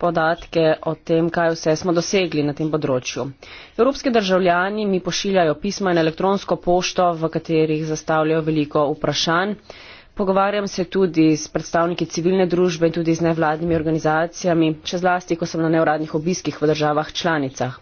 D: podatke o tem, kaj vse smo dosegli na tem področju. Evropski državljani mi pošiljajo pisma in elektronsko pošto, v katerih zastavljajo veliko vprašanj. Pogovarjam se tudi s predstavniki civilne družbe in tudi z nevladnimi organizacijami, še zlasti, ko sem na neuradnih obiskih v državah članicah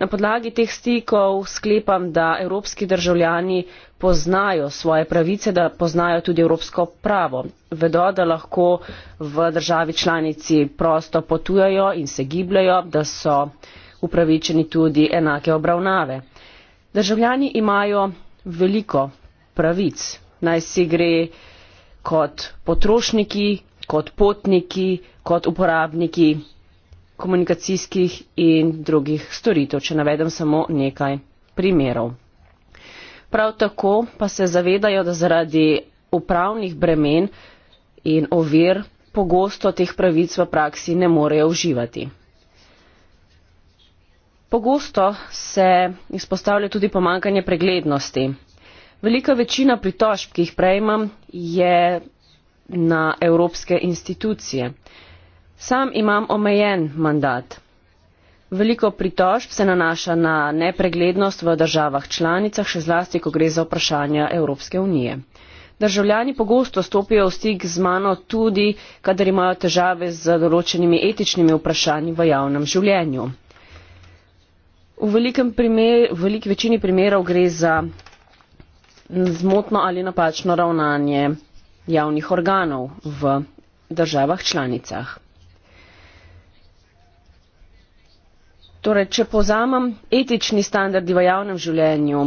D: na podlagi teh stikov sklepam da evropski državljani poznajo svoje pravice da poznajo tudi evropsko pravo vedo da lahko v državi članici prosto potujejo in se gibljajo da so upravičeni tudi enake obravnave državljani imajo veliko pravic naj si gre kot potrošniki kot potniki kot uporabniki komunikacijskih in drugih storitev, če navedem samo nekaj primerov. Prav tako pa se zavedajo, da zaradi upravnih bremen in ovir pogosto teh pravic v praksi ne morejo uživati. Pogosto se izpostavlja tudi pomankanje preglednosti. Velika večina pritožb, ki jih prejmem, je na evropske institucije. Sam imam omejen mandat. Veliko pritožb se nanaša na nepreglednost v državah članicah, še zlasti, ko gre za vprašanja Evropske unije. Državljani pogosto stopijo v stik z mano tudi, kadar imajo težave z določenimi etičnimi vprašanji v javnem življenju. V, primer, v veliki večini primerov gre za zmotno ali napačno ravnanje javnih organov v državah članicah. Torej, če povzamem, etični standardi v javnem življenju,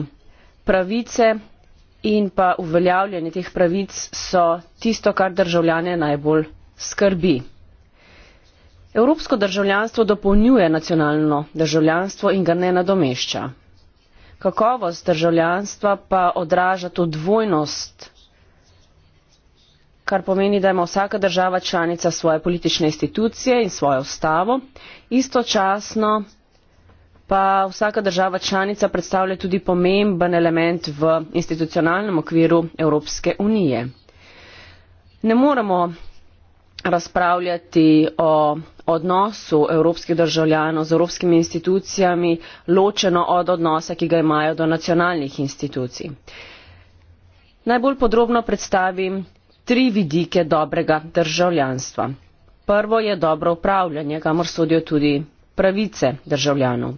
D: pravice in pa uveljavljanje teh pravic so tisto, kar državljane najbolj skrbi. Evropsko državljanstvo dopolnjuje nacionalno državljanstvo in ga ne nadomešča. Kakovost državljanstva pa odraža to dvojnost, kar pomeni, da ima vsaka država članica svoje politične institucije in svojo ustavo, istočasno pa vsaka država članica predstavlja tudi pomemben element v institucionalnem okviru Evropske unije. Ne moremo razpravljati o odnosu evropskih državljanov z evropskimi institucijami ločeno od odnosa, ki ga imajo do nacionalnih institucij. Najbolj podrobno predstavim tri vidike dobrega državljanstva. Prvo je dobro upravljanje, kamor sodijo tudi pravice državljanov.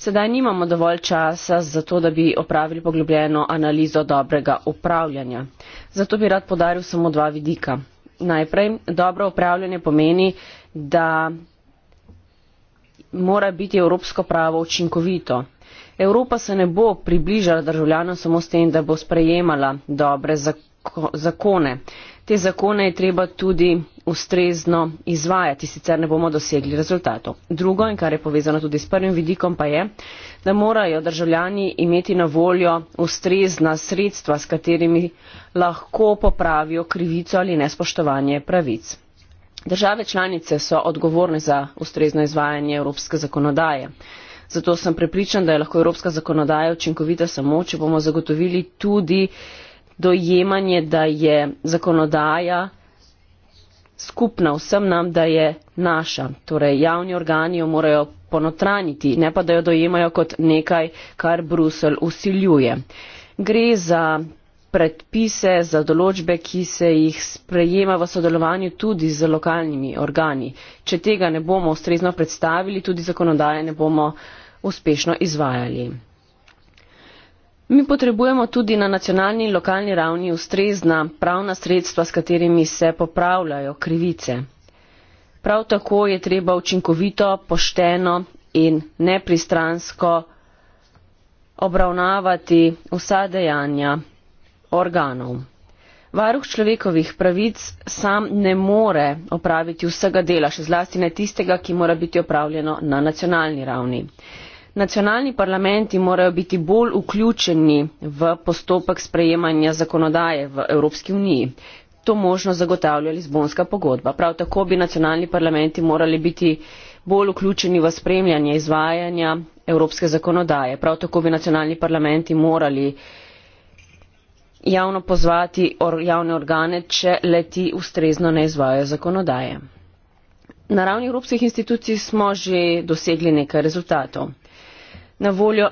D: Sedaj nimamo dovolj časa za to, da bi opravili poglobljeno analizo dobrega upravljanja. Zato bi rad podaril samo dva vidika. Najprej, dobro upravljanje pomeni, da mora biti evropsko pravo učinkovito. Evropa se ne bo približala državljanom samo s tem, da bo sprejemala dobre zakone zakone. Te zakone je treba tudi ustrezno izvajati, sicer ne bomo dosegli rezultatov. Drugo, in kar je povezano tudi s prvim vidikom, pa je, da morajo državljani imeti na voljo ustrezna sredstva, s katerimi lahko popravijo krivico ali nespoštovanje pravic. Države članice so odgovorne za ustrezno izvajanje evropske zakonodaje. Zato sem prepričan, da je lahko evropska zakonodaja učinkovita samo, če bomo zagotovili tudi dojemanje, da je zakonodaja skupna vsem nam, da je naša. Torej, javni organi jo morajo ponotraniti, ne pa da jo dojemajo kot nekaj, kar Bruselj usiljuje. Gre za predpise za določbe, ki se jih sprejema v sodelovanju tudi z lokalnimi organi. Če tega ne bomo ustrezno predstavili, tudi zakonodaje ne bomo uspešno izvajali. Mi potrebujemo tudi na nacionalni in lokalni ravni ustrezna pravna sredstva, s katerimi se popravljajo krivice. Prav tako je treba učinkovito, pošteno in nepristransko obravnavati vsa dejanja organov. Varuh človekovih pravic sam ne more opraviti vsega dela, še zlasti ne tistega, ki mora biti opravljeno na nacionalni ravni nacionalni parlamenti morajo biti bolj vključeni v postopek sprejemanja zakonodaje v evropski uniji to možnost zagotavlja lizbonska pogodba prav tako bi nacionalni parlamenti morali biti bolj vključeni v spremljanje izvajanja evropske zakonodaje prav tako bi nacionalni parlamenti morali javno pozvati or, javne organe, če leti ustrezno ne izvajo zakonodaje. Na ravni evropskih institucij smo že dosegli nekaj rezultatov na voljo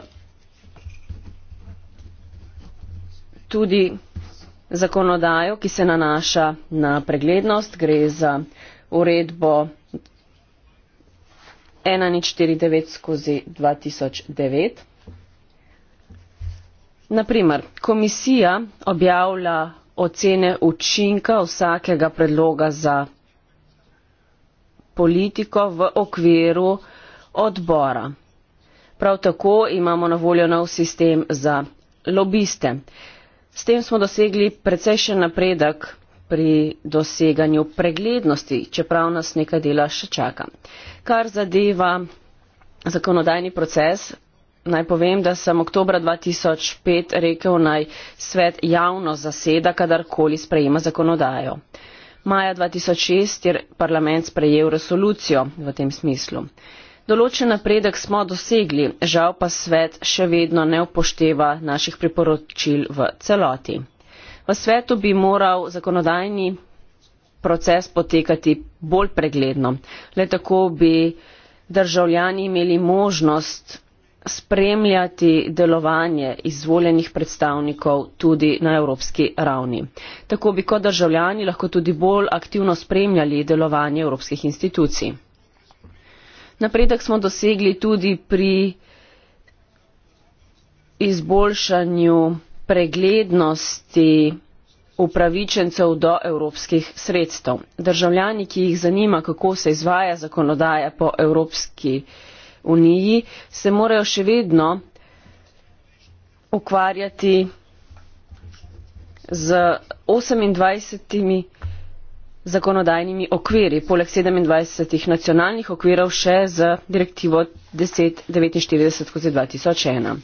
D: tudi zakonodajo, ki se nanaša na preglednost. Gre za uredbo 149 skozi 2009. Naprimer, komisija objavlja ocene učinka vsakega predloga za politiko v okviru odbora prav tako imamo na voljo nov sistem za lobiste. S tem smo dosegli precejšen napredek pri doseganju preglednosti, čeprav nas nekaj dela še čaka. Kar zadeva zakonodajni proces, naj povem, da sem oktober 2005 rekel naj svet javno zaseda, kadarkoli sprejema zakonodajo. Maja 2006 je parlament sprejel resolucijo v tem smislu določen napredek smo dosegli žal pa svet še vedno ne upošteva naših priporočil v celoti v svetu bi moral zakonodajni proces potekati bolj pregledno le tako bi državljani imeli možnost spremljati delovanje izvoljenih predstavnikov tudi na evropski ravni. Tako bi kot državljani lahko tudi bolj aktivno spremljali delovanje evropskih institucij. Napredek smo dosegli tudi pri izboljšanju preglednosti upravičencev do evropskih sredstev. Državljani, ki jih zanima, kako se izvaja zakonodaja po Evropski uniji, se morajo še vedno ukvarjati z 28 zakonodajnimi okviri poleg sedemindvajset nacionalnih okvirov še z direktivo deset devetinštirideset dva tisoč ena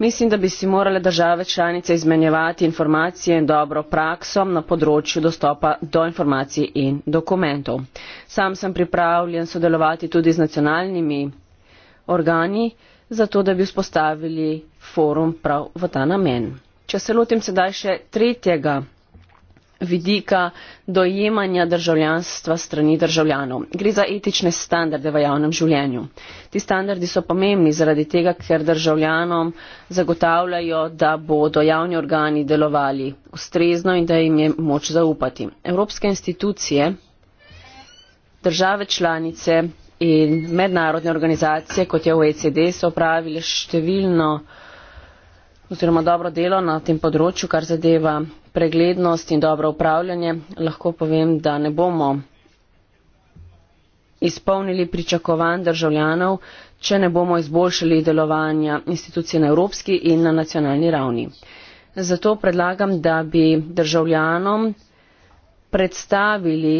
D: mislim da bi si morale države članice izmenjevati informacije in dobro prakso na področju dostopa do informacij in dokumentov sam sem pripravljen sodelovati tudi z nacionalnimi organi zato da bi vzpostavili forum prav v ta namen če se lotim sedaj še tretjega vidika dojemanja državljanstva strani državljanov. Gre za etične standarde v javnem življenju. Ti standardi so pomembni zaradi tega, ker državljanom zagotavljajo, da bodo javni organi delovali ustrezno in da jim je moč zaupati. Evropske institucije, države članice in mednarodne organizacije, kot je OECD, so opravili številno oziroma dobro delo na tem področju, kar zadeva preglednost in dobro upravljanje, lahko povem, da ne bomo izpolnili pričakovanj državljanov, če ne bomo izboljšali delovanja institucij na evropski in na nacionalni ravni. Zato predlagam, da bi državljanom predstavili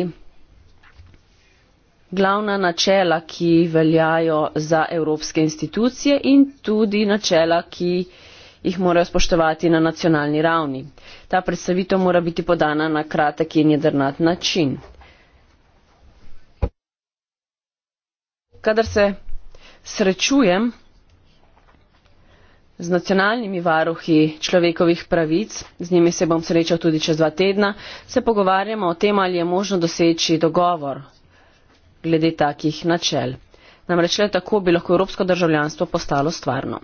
D: glavna načela, ki veljajo za evropske institucije in tudi načela, ki veljajo jih morajo spoštovati na nacionalni ravni. Ta predstavitev mora biti podana na kratek in jedrnat način. Kadar se srečujem z nacionalnimi varuhi človekovih pravic, z njimi se bom srečal tudi čez dva tedna, se pogovarjamo o tem, ali je možno doseči dogovor glede takih načel. Namreč le tako bi lahko evropsko državljanstvo postalo stvarno.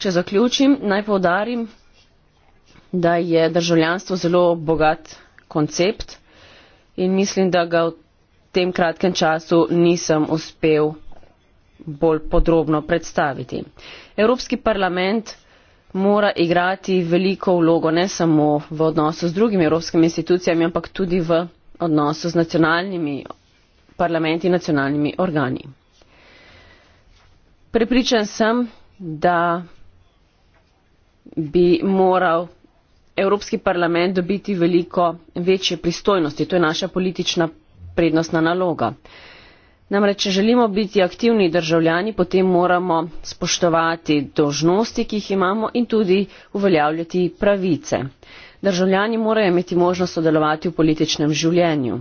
D: Če zaključim, naj povdarim, da je državljanstvo zelo bogat koncept in mislim, da ga v tem kratkem času nisem uspel bolj podrobno predstaviti. Evropski parlament mora igrati veliko vlogo ne samo v odnosu z drugimi evropskimi institucijami, ampak tudi v odnosu z nacionalnimi parlamenti in nacionalnimi organi. Prepričan sem, da bi moral evropski parlament dobiti veliko večje pristojnosti to je naša politična prednostna naloga. Namreč, če želimo biti aktivni državljani, potem moramo spoštovati dožnosti, ki jih imamo in tudi uveljavljati pravice. Državljani morajo imeti možnost sodelovati v političnem življenju.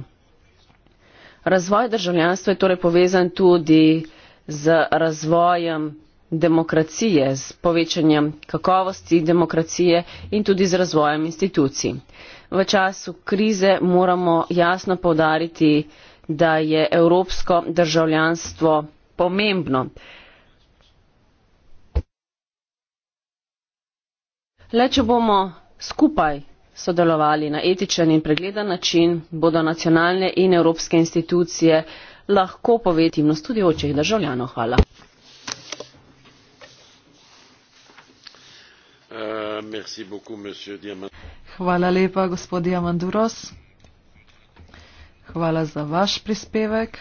D: Razvoj državljanstva je torej povezan tudi z razvojem demokracije, s povečanjem kakovosti demokracije in tudi z razvojem institucij. V času krize moramo jasno povdariti, da je evropsko državljanstvo pomembno. Le če bomo skupaj sodelovali na etičen in pregledan način, bodo nacionalne in evropske institucije lahko povedali tudi očeh državljanov. Hvala.
B: Hvala lepa, gospod Diamanduros. Hvala za vaš prispevek.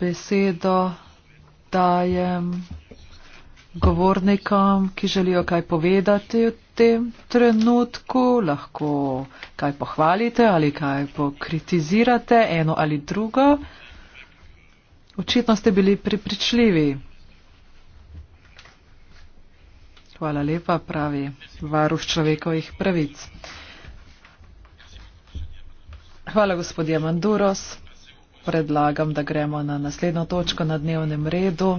B: Besedo dajem govornikom, ki želijo kaj povedati v tem trenutku, lahko kaj pohvalite ali kaj pokritizirate, eno ali drugo. Očitno ste bili pripričljivi. Hvala lepa, pravi varuh človekovih pravic. Hvala, gospodje Manduros. Predlagam, da gremo na naslednjo točko na dnevnem redu.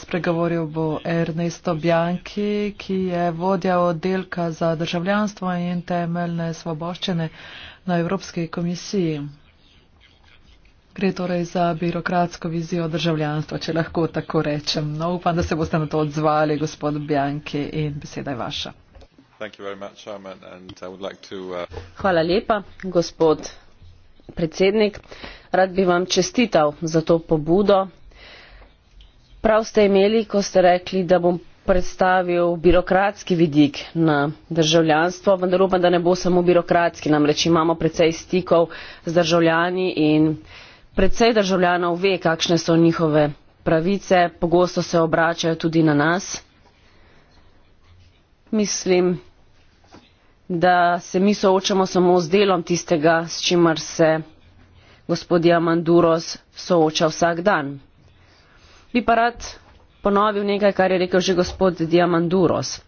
B: Spregovoril bo Ernesto Bianchi, ki je vodja oddelka za državljanstvo in temeljne svoboščene na Evropski komisiji. Gre torej za birokratsko vizijo državljanstva, če lahko tako rečem. No, upam, da se boste na to odzvali, gospod
D: Bjanki, in beseda je vaša. Uh, Hvala lepa, gospod predsednik. Rad bi vam čestital za to pobudo. Prav ste imeli, ko ste rekli, da bom predstavil birokratski vidik na državljanstvo, vendar upam, da ne bo samo birokratski, namreč imamo precej stikov z državljani in Predvsej državljanov ve, kakšne so njihove pravice, pogosto se obračajo tudi na nas. Mislim, da se mi soočamo samo z delom tistega, s čimer se gospodja Manduros sooča vsak dan. Bi pa rad ponovil nekaj, kar je rekel že gospod Diamanduros.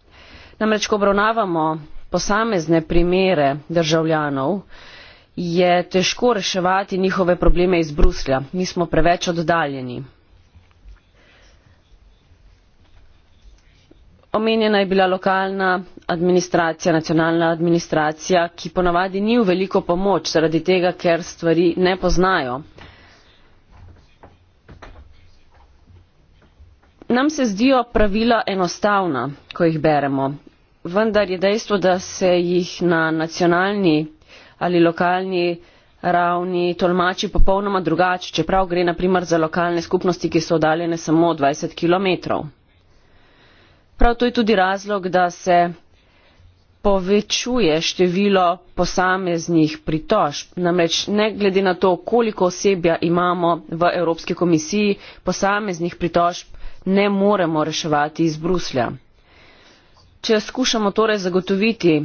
D: Namreč, ko obravnavamo posamezne primere državljanov, je težko reševati njihove probleme iz Bruslja. Mi smo preveč oddaljeni. Omenjena je bila lokalna administracija, nacionalna administracija, ki ponavadi ni v veliko pomoč, zaradi tega, ker stvari ne poznajo. Nam se zdijo pravila enostavna, ko jih beremo, vendar je dejstvo, da se jih na nacionalni ali lokalni ravni tolmači popolnoma drugače, čeprav gre na primer za lokalne skupnosti, ki so oddaljene samo 20 km. Prav to je tudi razlog, da se povečuje število posameznih pritožb. Namreč ne glede na to, koliko osebja imamo v Evropski komisiji, posameznih pritožb ne moremo reševati iz Bruslja. Če skušamo torej zagotoviti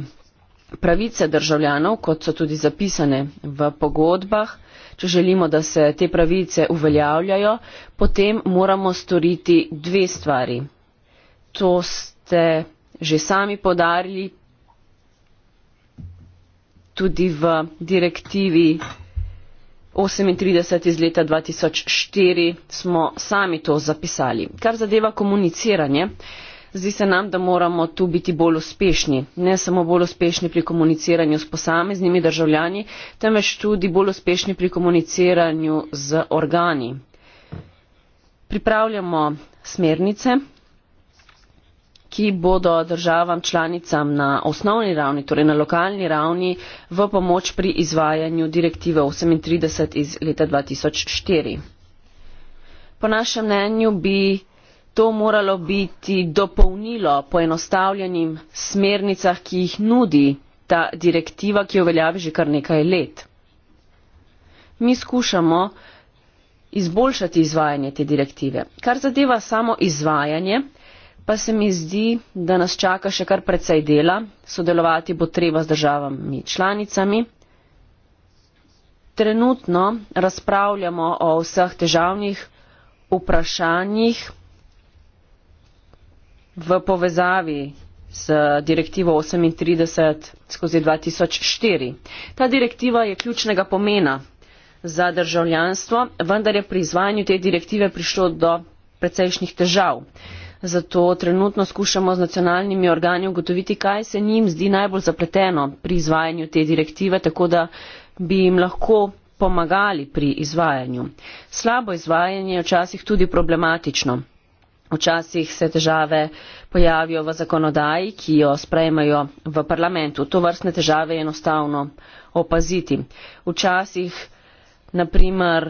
D: pravice državljanov, kot so tudi zapisane v pogodbah, če želimo, da se te pravice uveljavljajo, potem moramo storiti dve stvari. To ste že sami podarili tudi v direktivi 38 iz leta 2004 smo sami to zapisali. Kar zadeva komuniciranje, zdi se nam da moramo tu biti bolj uspešni ne samo bolj uspešni pri komuniciranju s posameznimi državljani temveč tudi bolj uspešni pri komuniciranju z organi. pripravljamo smernice ki bodo državam članicam na osnovni ravni torej na lokalni ravni v pomoč pri izvajanju direktive osemintrideset iz leta. dva tisoč štiri po našem mnenju bi to moralo biti dopolnilo poenostavljenim smernicah, ki jih nudi ta direktiva, ki jo veljavi že kar nekaj let. Mi skušamo izboljšati izvajanje te direktive. Kar zadeva samo izvajanje, pa se mi zdi, da nas čaka še kar predsej dela, sodelovati bo treba z državami članicami. Trenutno razpravljamo o vseh težavnih vprašanjih v povezavi z direktivo 38 skozi 2004. Ta direktiva je ključnega pomena za državljanstvo, vendar je pri izvajanju te direktive prišlo do precejšnjih težav. Zato trenutno skušamo z nacionalnimi organi ugotoviti, kaj se njim zdi najbolj zapleteno pri izvajanju te direktive, tako da bi jim lahko pomagali pri izvajanju. Slabo izvajanje je včasih tudi problematično. Včasih se težave pojavijo v zakonodaji, ki jo sprejmajo v parlamentu. To vrstne težave je enostavno opaziti. Včasih, naprimer,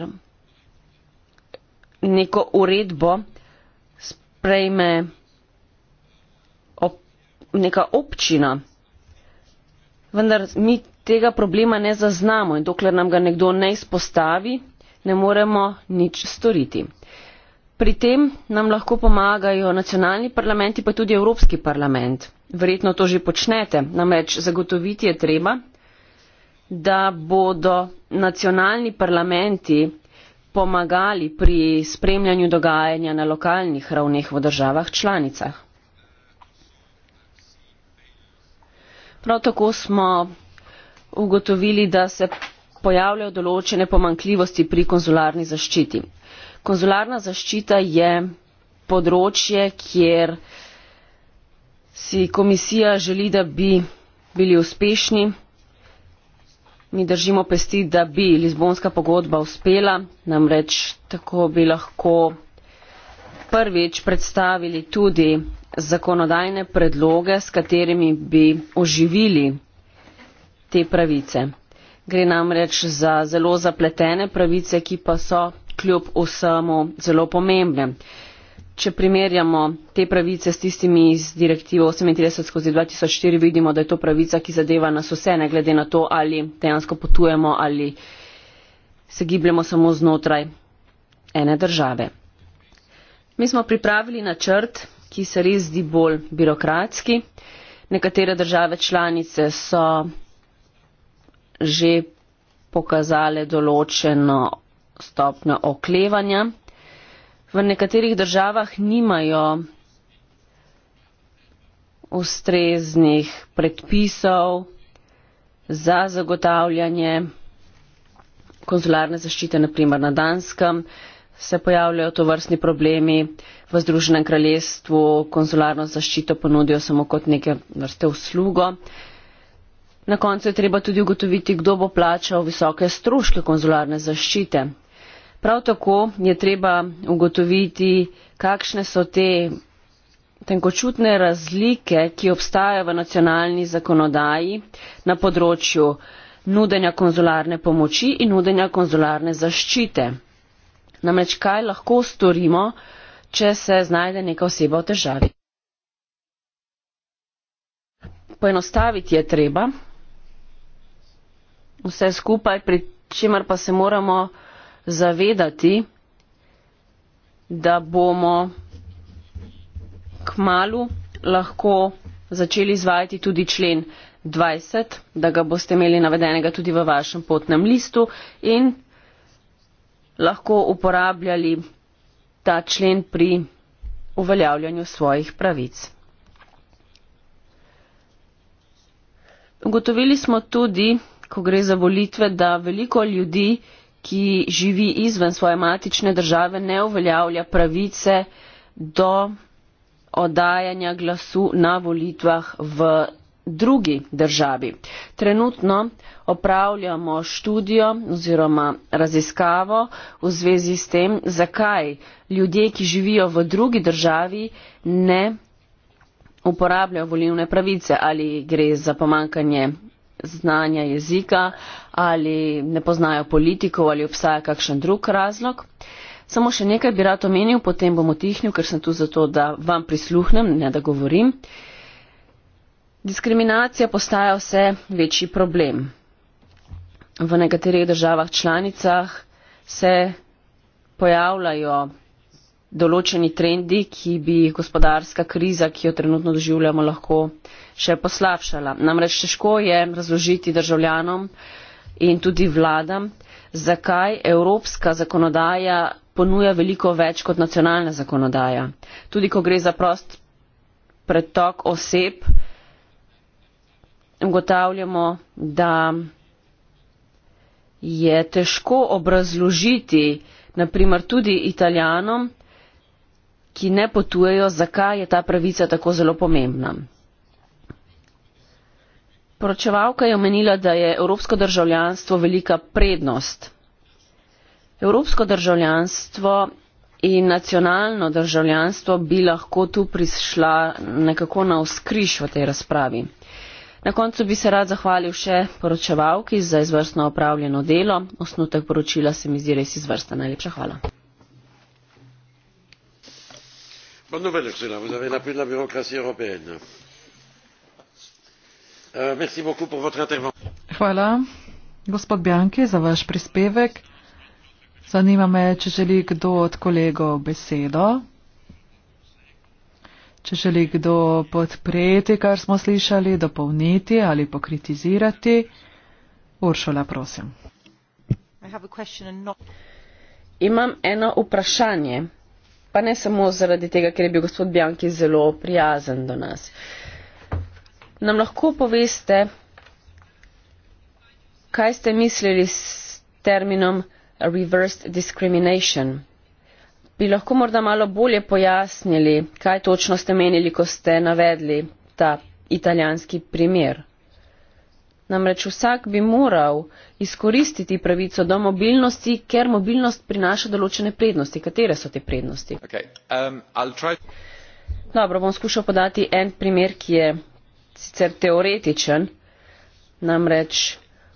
D: neko uredbo sprejme op neka občina, vendar mi tega problema ne zaznamo in dokler nam ga nekdo ne izpostavi, ne moremo nič storiti. Uh, pri tem nam lahko pomagajo nacionalni parlamenti pa tudi evropski parlament verjetno to že počnete namreč zagotoviti je treba da bodo nacionalni parlamenti pomagali pri spremljanju dogajanja na lokalnih ravneh v državah članicah. Prav tako smo ugotovili, da se pojavljajo določene pomankljivosti pri konzularni zaščiti konzularna zaščita je področje, kjer si komisija želi, da bi bili uspešni. Mi držimo pesti, da bi Lizbonska pogodba uspela, namreč tako bi lahko prvič predstavili tudi zakonodajne predloge, s katerimi bi oživili te pravice. Gre namreč za zelo zapletene pravice, ki pa so kljub vsemu zelo pomembne. Če primerjamo te pravice s tistimi iz direktive 38 skozi 2004, vidimo, da je to pravica, ki zadeva nas vse, ne glede na to, ali dejansko potujemo ali se gibljemo samo znotraj ene države. Mi smo pripravili načrt, ki se res zdi bolj birokratski. Nekatere države članice so že pokazale določeno stopnjo oklevanja. V nekaterih državah nimajo ustreznih predpisov za zagotavljanje konzularne zaščite, naprimer na Danskem se pojavljajo to vrstni problemi, v Združenem kraljestvu konzularno zaščito ponudijo samo kot neke vrste uslugo. Na koncu je treba tudi ugotoviti, kdo bo plačal visoke stroške konzularne zaščite. Prav tako je treba ugotoviti, kakšne so te tenkočutne razlike, ki obstajajo v nacionalni zakonodaji na področju nudenja konzularne pomoči in nudenja konzularne zaščite. Namreč kaj lahko storimo, če se znajde neka oseba v težavi? Poenostaviti je treba vse skupaj, pri čemer pa se moramo zavedati, da bomo kmalu lahko začeli izvajati tudi člen 20, da ga boste imeli navedenega tudi v vašem potnem listu in lahko uporabljali ta člen pri uveljavljanju svojih pravic. Ugotovili smo tudi, ko gre za volitve, da veliko ljudi ki živi izven svoje matične države, ne uveljavlja pravice do oddajanja glasu na volitvah v drugi državi. Trenutno opravljamo študijo oziroma raziskavo v zvezi s tem, zakaj ljudje, ki živijo v drugi državi, ne uporabljajo volilne pravice, ali gre za pomankanje znanja jezika ali ne poznajo politikov ali obstaja kakšen drug razlog. Samo še nekaj bi rad omenil, potem bom otihnil, ker sem tu zato, da vam prisluhnem, ne da govorim. Diskriminacija postaja vse večji problem. V nekaterih državah članicah se pojavljajo določeni trendi, ki bi gospodarska kriza, ki jo trenutno doživljamo, lahko še poslavšala. Namreč težko je razložiti državljanom in tudi vladam, zakaj evropska zakonodaja ponuja veliko več kot nacionalna zakonodaja. Tudi ko gre za prost pretok oseb, ugotavljamo, da je težko obrazložiti naprimer tudi italijanom, ki ne potujejo, zakaj je ta pravica tako zelo pomembna. Poročevalka je omenila, da je evropsko državljanstvo velika prednost. Evropsko državljanstvo in nacionalno državljanstvo bi lahko tu prišla nekako na uskriž v tej razpravi. Na koncu bi se rad zahvalil še poročevalki za izvrstno opravljeno delo. Osnutek poročila se mi zdi res izvrsta. Najlepša hvala.
A: Bonne nouvelle, Ursula, vous avez l'appui de la bureaucratie européenne. Euh, merci beaucoup pour votre intervention.
B: Voilà. Gospod Bianchi, za vaš prispevek. Zanima me, če želi kdo od kolegov besedo. Če želi kdo podpreti, kar smo slišali, dopolniti ali pokritizirati. Uršula, prosim.
D: Imam eno vprašanje pa ne samo zaradi tega, ker je bil gospod Bjanki zelo prijazen do nas. Nam lahko poveste, kaj ste mislili s terminom reversed discrimination? Bi lahko morda malo bolje pojasnili, kaj točno ste menili, ko ste navedli ta italijanski primer? Namreč vsak bi moral izkoristiti pravico do mobilnosti, ker mobilnost prinaša določene prednosti. Katere so te prednosti? Okay. Um, Dobro, bom skušal podati en primer, ki je sicer teoretičen. Namreč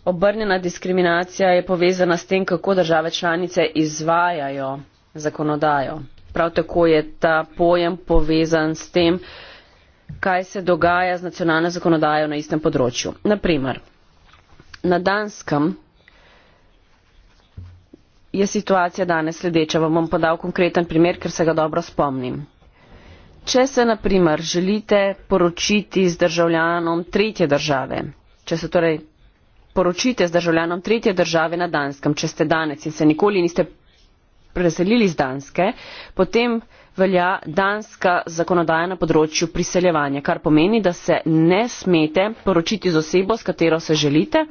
D: obrnjena diskriminacija je povezana s tem, kako države članice izvajajo zakonodajo. Prav tako je ta pojem povezan s tem, kaj se dogaja z nacionalno zakonodajo na istem področju. Naprimer, na danskem je situacija danes sledeča. Vam bom podal konkreten primer, ker se ga dobro spomnim. Če se na primer želite poročiti z državljanom tretje države, če se torej poročite z državljanom tretje države na danskem, če ste danec in se nikoli niste preselili iz Danske, potem velja danska zakonodaja na področju priseljevanja, kar pomeni, da se ne smete poročiti z osebo, s katero se želite,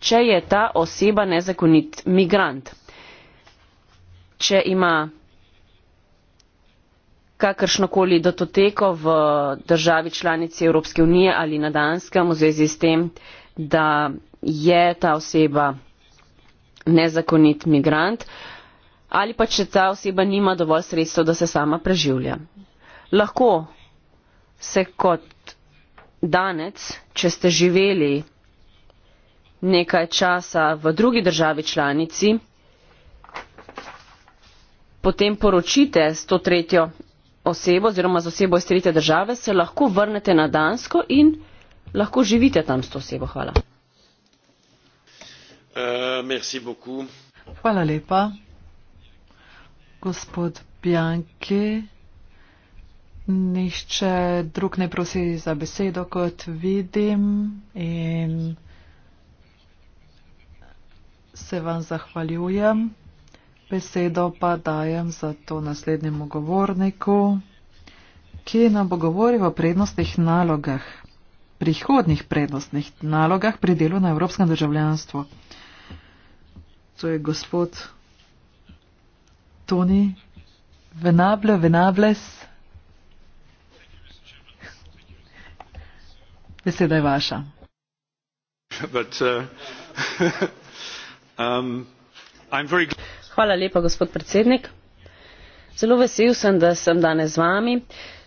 D: če je ta oseba nezakonit migrant. Če ima kakršnokoli datoteko v državi članici Evropske unije ali na Danskem v zvezi s tem, da je ta oseba nezakonit migrant, ali pa če ta oseba nima dovolj sredstev, da se sama preživlja. Lahko se kot danec, če ste živeli nekaj časa v drugi državi članici, potem poročite s to tretjo osebo oziroma z osebo iz tretje države, se lahko vrnete na Dansko in lahko živite tam s to osebo. Hvala.
A: Uh, merci beaucoup.
D: Hvala lepa
B: gospod Bianchi. Nihče drug ne prosi za besedo, kot vidim, in se vam zahvaljujem. Besedo pa dajem za to naslednjemu govorniku, ki nam bo govoril o prednostnih nalogah, prihodnih prednostnih nalogah pri delu na evropskem državljanstvu. To je gospod Toni, venable, venables.
D: Beseda je vaša.
A: But, uh, um,
D: Hvala lepa, gospod predsednik. Zelo vesel sem, da sem danes z vami.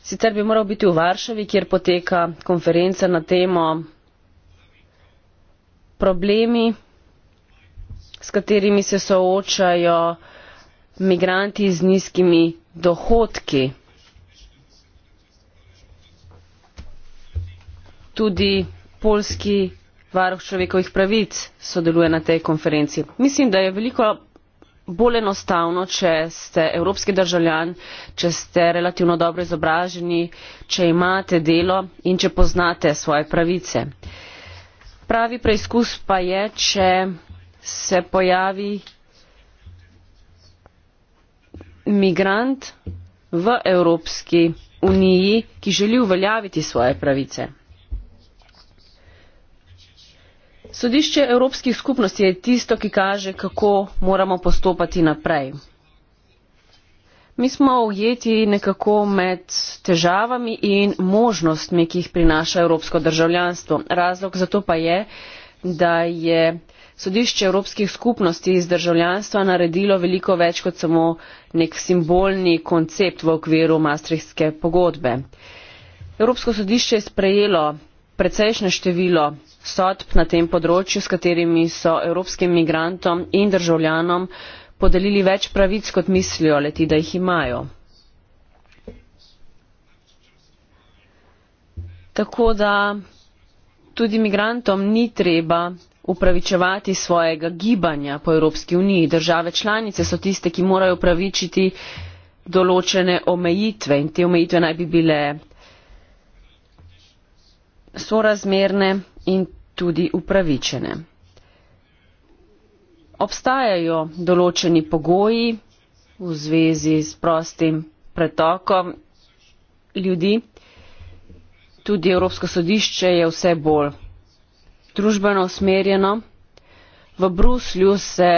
D: Sicer bi moral biti v Varšavi, kjer poteka konferenca na temo problemi, s katerimi se soočajo migranti z nizkimi dohodki. Tudi polski varuh človekovih pravic sodeluje na tej konferenci. Mislim, da je veliko bolj enostavno, če ste evropski državljan, če ste relativno dobro izobraženi, če imate delo in če poznate svoje pravice. Pravi preizkus pa je, če se pojavi migrant v Evropski uniji, ki želi uveljaviti svoje pravice. Sodišče Evropskih skupnosti je tisto, ki kaže, kako moramo postopati naprej. Mi smo ujeti nekako med težavami in možnostmi, ki jih prinaša evropsko državljanstvo. Razlog za to pa je, da je sodišče evropskih skupnosti iz državljanstva naredilo veliko več kot samo nek simbolni koncept v okviru Maastrichtske pogodbe. Evropsko sodišče je sprejelo precejšnje število sodb na tem področju, s katerimi so evropskim migrantom in državljanom podelili več pravic, kot mislijo leti, da jih imajo. Tako da tudi migrantom ni treba upravičevati svojega gibanja po Evropski uniji. Države članice so tiste, ki morajo upravičiti določene omejitve in te omejitve naj bi bile sorazmerne in tudi upravičene. Obstajajo določeni pogoji v zvezi s prostim pretokom ljudi. Tudi Evropsko sodišče je vse bolj družbeno usmerjeno. V Bruslju se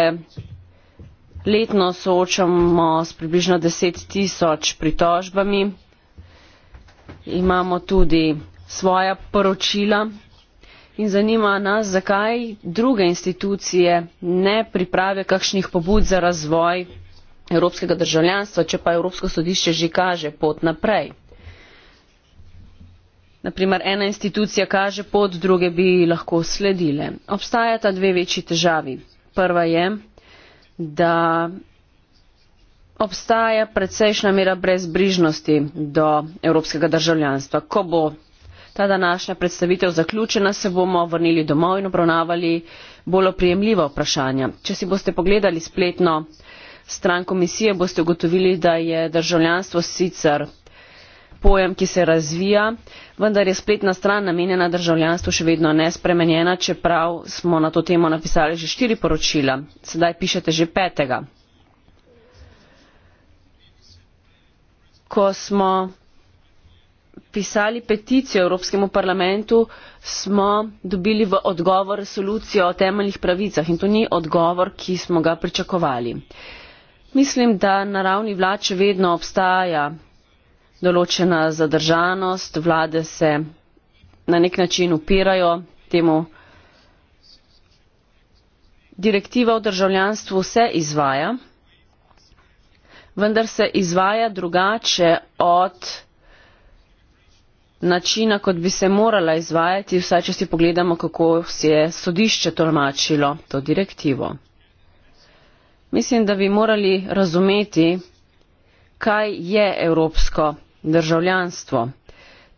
D: letno soočamo s približno 10 tisoč pritožbami. Imamo tudi svoja poročila in zanima nas, zakaj druge institucije ne pripravijo kakšnih pobud za razvoj evropskega državljanstva, če pa Evropsko sodišče že kaže pot naprej na primer ena institucija kaže pot, druge bi lahko sledile. Obstajata dve večji težavi. Prva je, da obstaja precejšna mera brezbrižnosti do evropskega državljanstva. Ko bo ta današnja predstavitev zaključena, se bomo vrnili domov in obravnavali bolj oprijemljiva vprašanja. Če si boste pogledali spletno stran komisije, boste ugotovili, da je državljanstvo sicer pojem, ki se razvija, vendar je spletna stran namenjena državljanstvu še vedno nespremenjena, čeprav smo na to temo napisali že štiri poročila, sedaj pišete že petega. Ko smo pisali peticijo Evropskemu parlamentu, smo dobili v odgovor resolucijo o temeljnih pravicah in to ni odgovor, ki smo ga pričakovali. Mislim, da na ravni vlad še vedno obstaja določena zadržanost, vlade se na nek način upirajo temu. Direktiva o državljanstvu se izvaja, vendar se izvaja drugače od načina, kot bi se morala izvajati, vsaj če si pogledamo, kako se je sodišče tolmačilo to direktivo. Mislim, da bi morali razumeti, kaj je evropsko državljanstvo.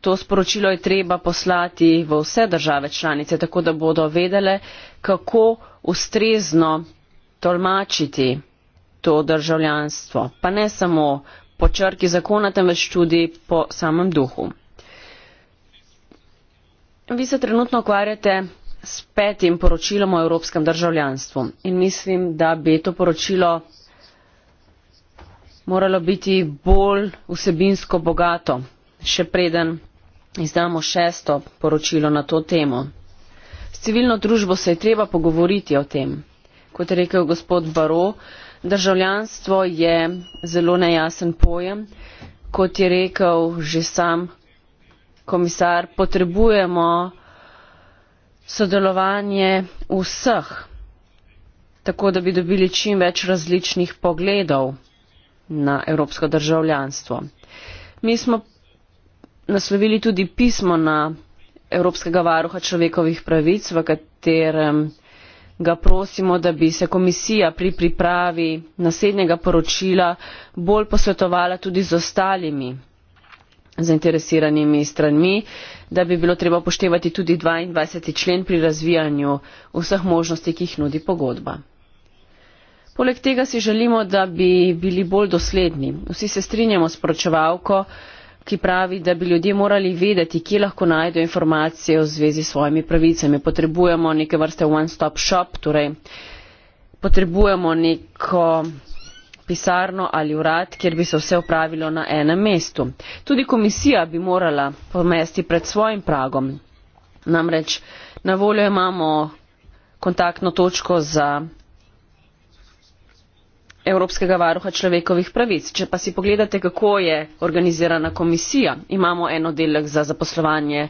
D: To sporočilo je treba poslati v vse države članice, tako da bodo vedele, kako ustrezno tolmačiti to državljanstvo. Pa ne samo po črki zakona, temveč tudi po samem duhu. Vi se trenutno ukvarjate s petim poročilom o evropskem državljanstvu in mislim, da bi to poročilo moralo biti bolj vsebinsko bogato, še preden izdamo šesto poročilo na to temo. S civilno družbo se je treba pogovoriti o tem. Kot je rekel gospod Baro, državljanstvo je zelo nejasen pojem. Kot je rekel že sam komisar, potrebujemo sodelovanje vseh, tako da bi dobili čim več različnih pogledov na evropsko državljanstvo. Mi smo naslovili tudi pismo na Evropskega varuha človekovih pravic, v katerem ga prosimo, da bi se komisija pri pripravi naslednjega poročila bolj posvetovala tudi z ostalimi zainteresiranimi stranmi, da bi bilo treba upoštevati tudi 22. člen pri razvijanju vseh možnosti, ki jih nudi pogodba. Poleg tega si želimo, da bi bili bolj dosledni. Vsi se strinjamo s poročevalko, ki pravi, da bi ljudje morali vedeti, kje lahko najdejo informacije v zvezi s svojimi pravicami. Potrebujemo neke vrste one-stop-shop, torej potrebujemo neko pisarno ali urad, kjer bi se vse upravilo na enem mestu. Tudi komisija bi morala pomesti pred svojim pragom. Namreč na voljo imamo kontaktno točko za evropskega varuha človekovih pravic. Če pa si pogledate, kako je organizirana komisija, imamo en oddelek za zaposlovanje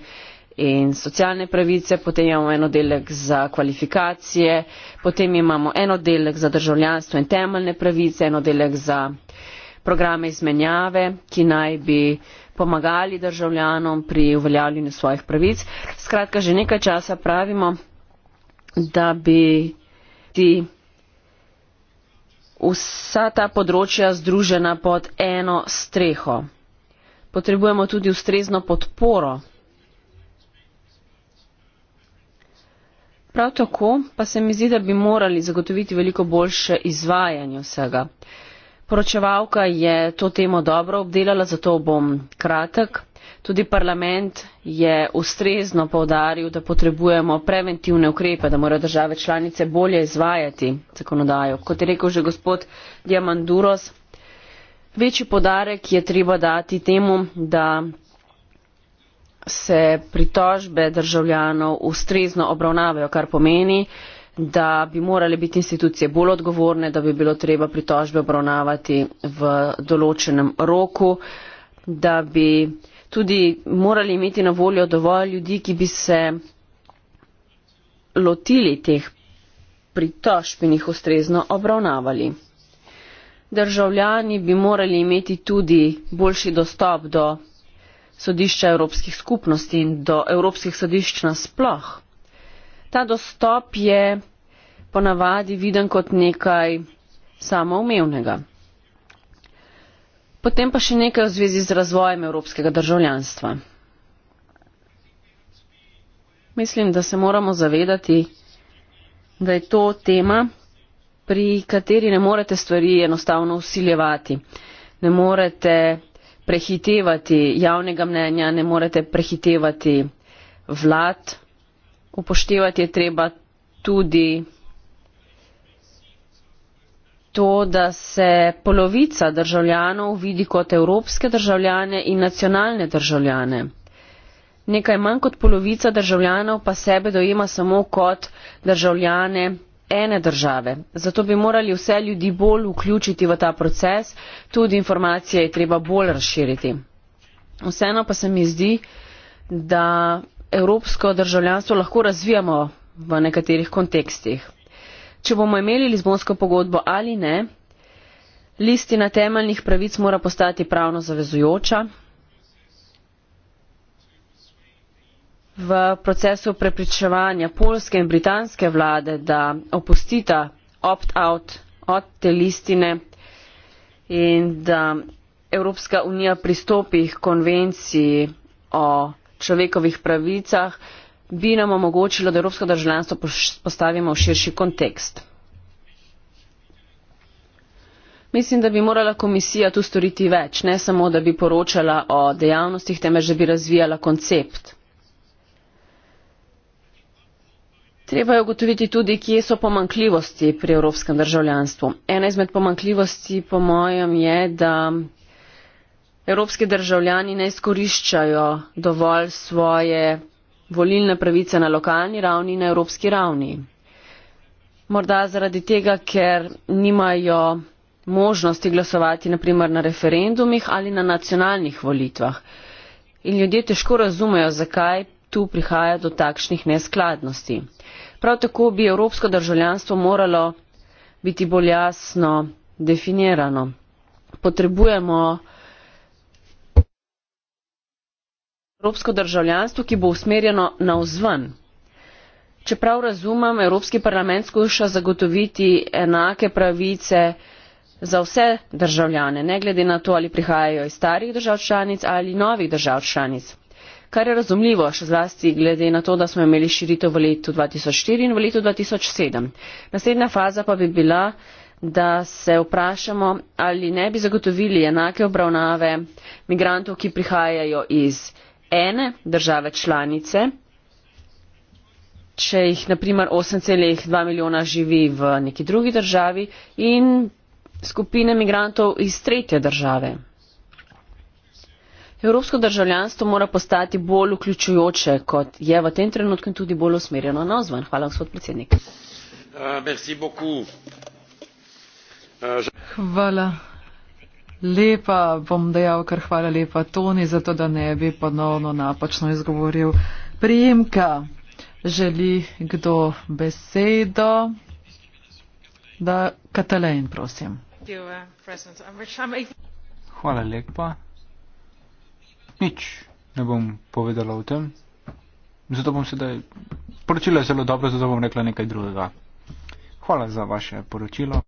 D: in socialne pravice, potem imamo en oddelek za kvalifikacije, potem imamo en oddelek za državljanstvo in temeljne pravice, en oddelek za programe izmenjave, ki naj bi pomagali državljanom pri uveljavljanju svojih pravic. Skratka, že nekaj časa pravimo, da bi ti vsa ta področja združena pod eno streho. Potrebujemo tudi ustrezno podporo. Prav tako pa se mi zdi, da bi morali zagotoviti veliko boljše izvajanje vsega. Poročevalka je to temo dobro obdelala, zato bom kratek tudi parlament je ustrezno poudaril da potrebujemo preventivne ukrepe da morajo države članice bolje izvajati zakonodajo kot je rekel že gospod diamandouros večji poudarek je treba dati temu da se pritožbe državljanov ustrezno obravnavajo kar pomeni da bi morale biti institucije bolj odgovorne da bi bilo treba pritožbe obravnavati v določenem roku da bi tudi morali imeti na voljo dovolj ljudi, ki bi se lotili teh pritožb in jih ustrezno obravnavali. Državljani bi morali imeti tudi boljši dostop do sodišča evropskih skupnosti in do evropskih sodišč nasploh. Ta dostop je ponavadi viden kot nekaj samoumevnega. Potem pa še nekaj v zvezi z razvojem evropskega državljanstva. Mislim, da se moramo zavedati, da je to tema, pri kateri ne morete stvari enostavno usiljevati, ne morete prehitevati javnega mnenja, ne morete prehitevati vlad. Upoštevati je treba tudi to, da se polovica državljanov vidi kot evropske državljane in nacionalne državljane. Nekaj manj kot polovica državljanov pa sebe dojema samo kot državljane ene države. Zato bi morali vse ljudi bolj vključiti v ta proces, tudi informacije je treba bolj razširiti. Vseeno pa se mi zdi, da evropsko državljanstvo lahko razvijamo v nekaterih kontekstih če bomo imeli lizbonsko pogodbo ali ne, listina temeljnih pravic mora postati pravno zavezujoča. V procesu prepričevanja polske in britanske vlade, da opustita opt-out od te listine in da Evropska unija pristopi k konvenciji o človekovih pravicah, bi nam omogočilo, da evropsko državljanstvo postavimo v širši kontekst. Mislim, da bi morala komisija tu storiti več, ne samo, da bi poročala o dejavnostih, temveč, da bi razvijala koncept. Treba je ugotoviti tudi, kje so pomankljivosti pri evropskem državljanstvu. Ena izmed pomankljivosti, po mojem, je, da evropski državljani ne izkoriščajo dovolj svoje volilne pravice na lokalni ravni in na evropski ravni. Morda zaradi tega, ker nimajo možnosti glasovati naprimer na referendumih ali na nacionalnih volitvah. In ljudje težko razumejo, zakaj tu prihaja do takšnih neskladnosti. Prav tako bi evropsko državljanstvo moralo biti bolj jasno definirano. Potrebujemo evropsko državljanstvo, ki bo usmerjeno navzven. Čeprav razumem, Evropski parlament skuša zagotoviti enake pravice za vse državljane, ne glede na to, ali prihajajo iz starih držav članic ali novih držav članic. Kar je razumljivo, še zlasti glede na to, da smo imeli širitev v letu 2004 in v letu 2007. Naslednja faza pa bi bila, da se vprašamo, ali ne bi zagotovili enake obravnave migrantov, ki prihajajo iz ene države članice, če jih naprimer 8,2 milijona živi v neki drugi državi in skupine migrantov iz tretje države. Evropsko državljanstvo mora postati bolj vključujoče, kot je v tem trenutku in tudi bolj usmerjeno na ozvan. Hvala, gospod predsednik. Uh, uh, Hvala,
B: Lepa bom dejal, ker hvala lepa Toni, zato da ne bi ponovno napačno izgovoril. Prijemka, želi kdo besedo? Da, Katalin, prosim.
C: Hvala lepa. Nič ne bom povedala o tem. Zato bom sedaj. Poročilo je zelo dobro, zato bom rekla nekaj drugega. Hvala za vaše poročilo.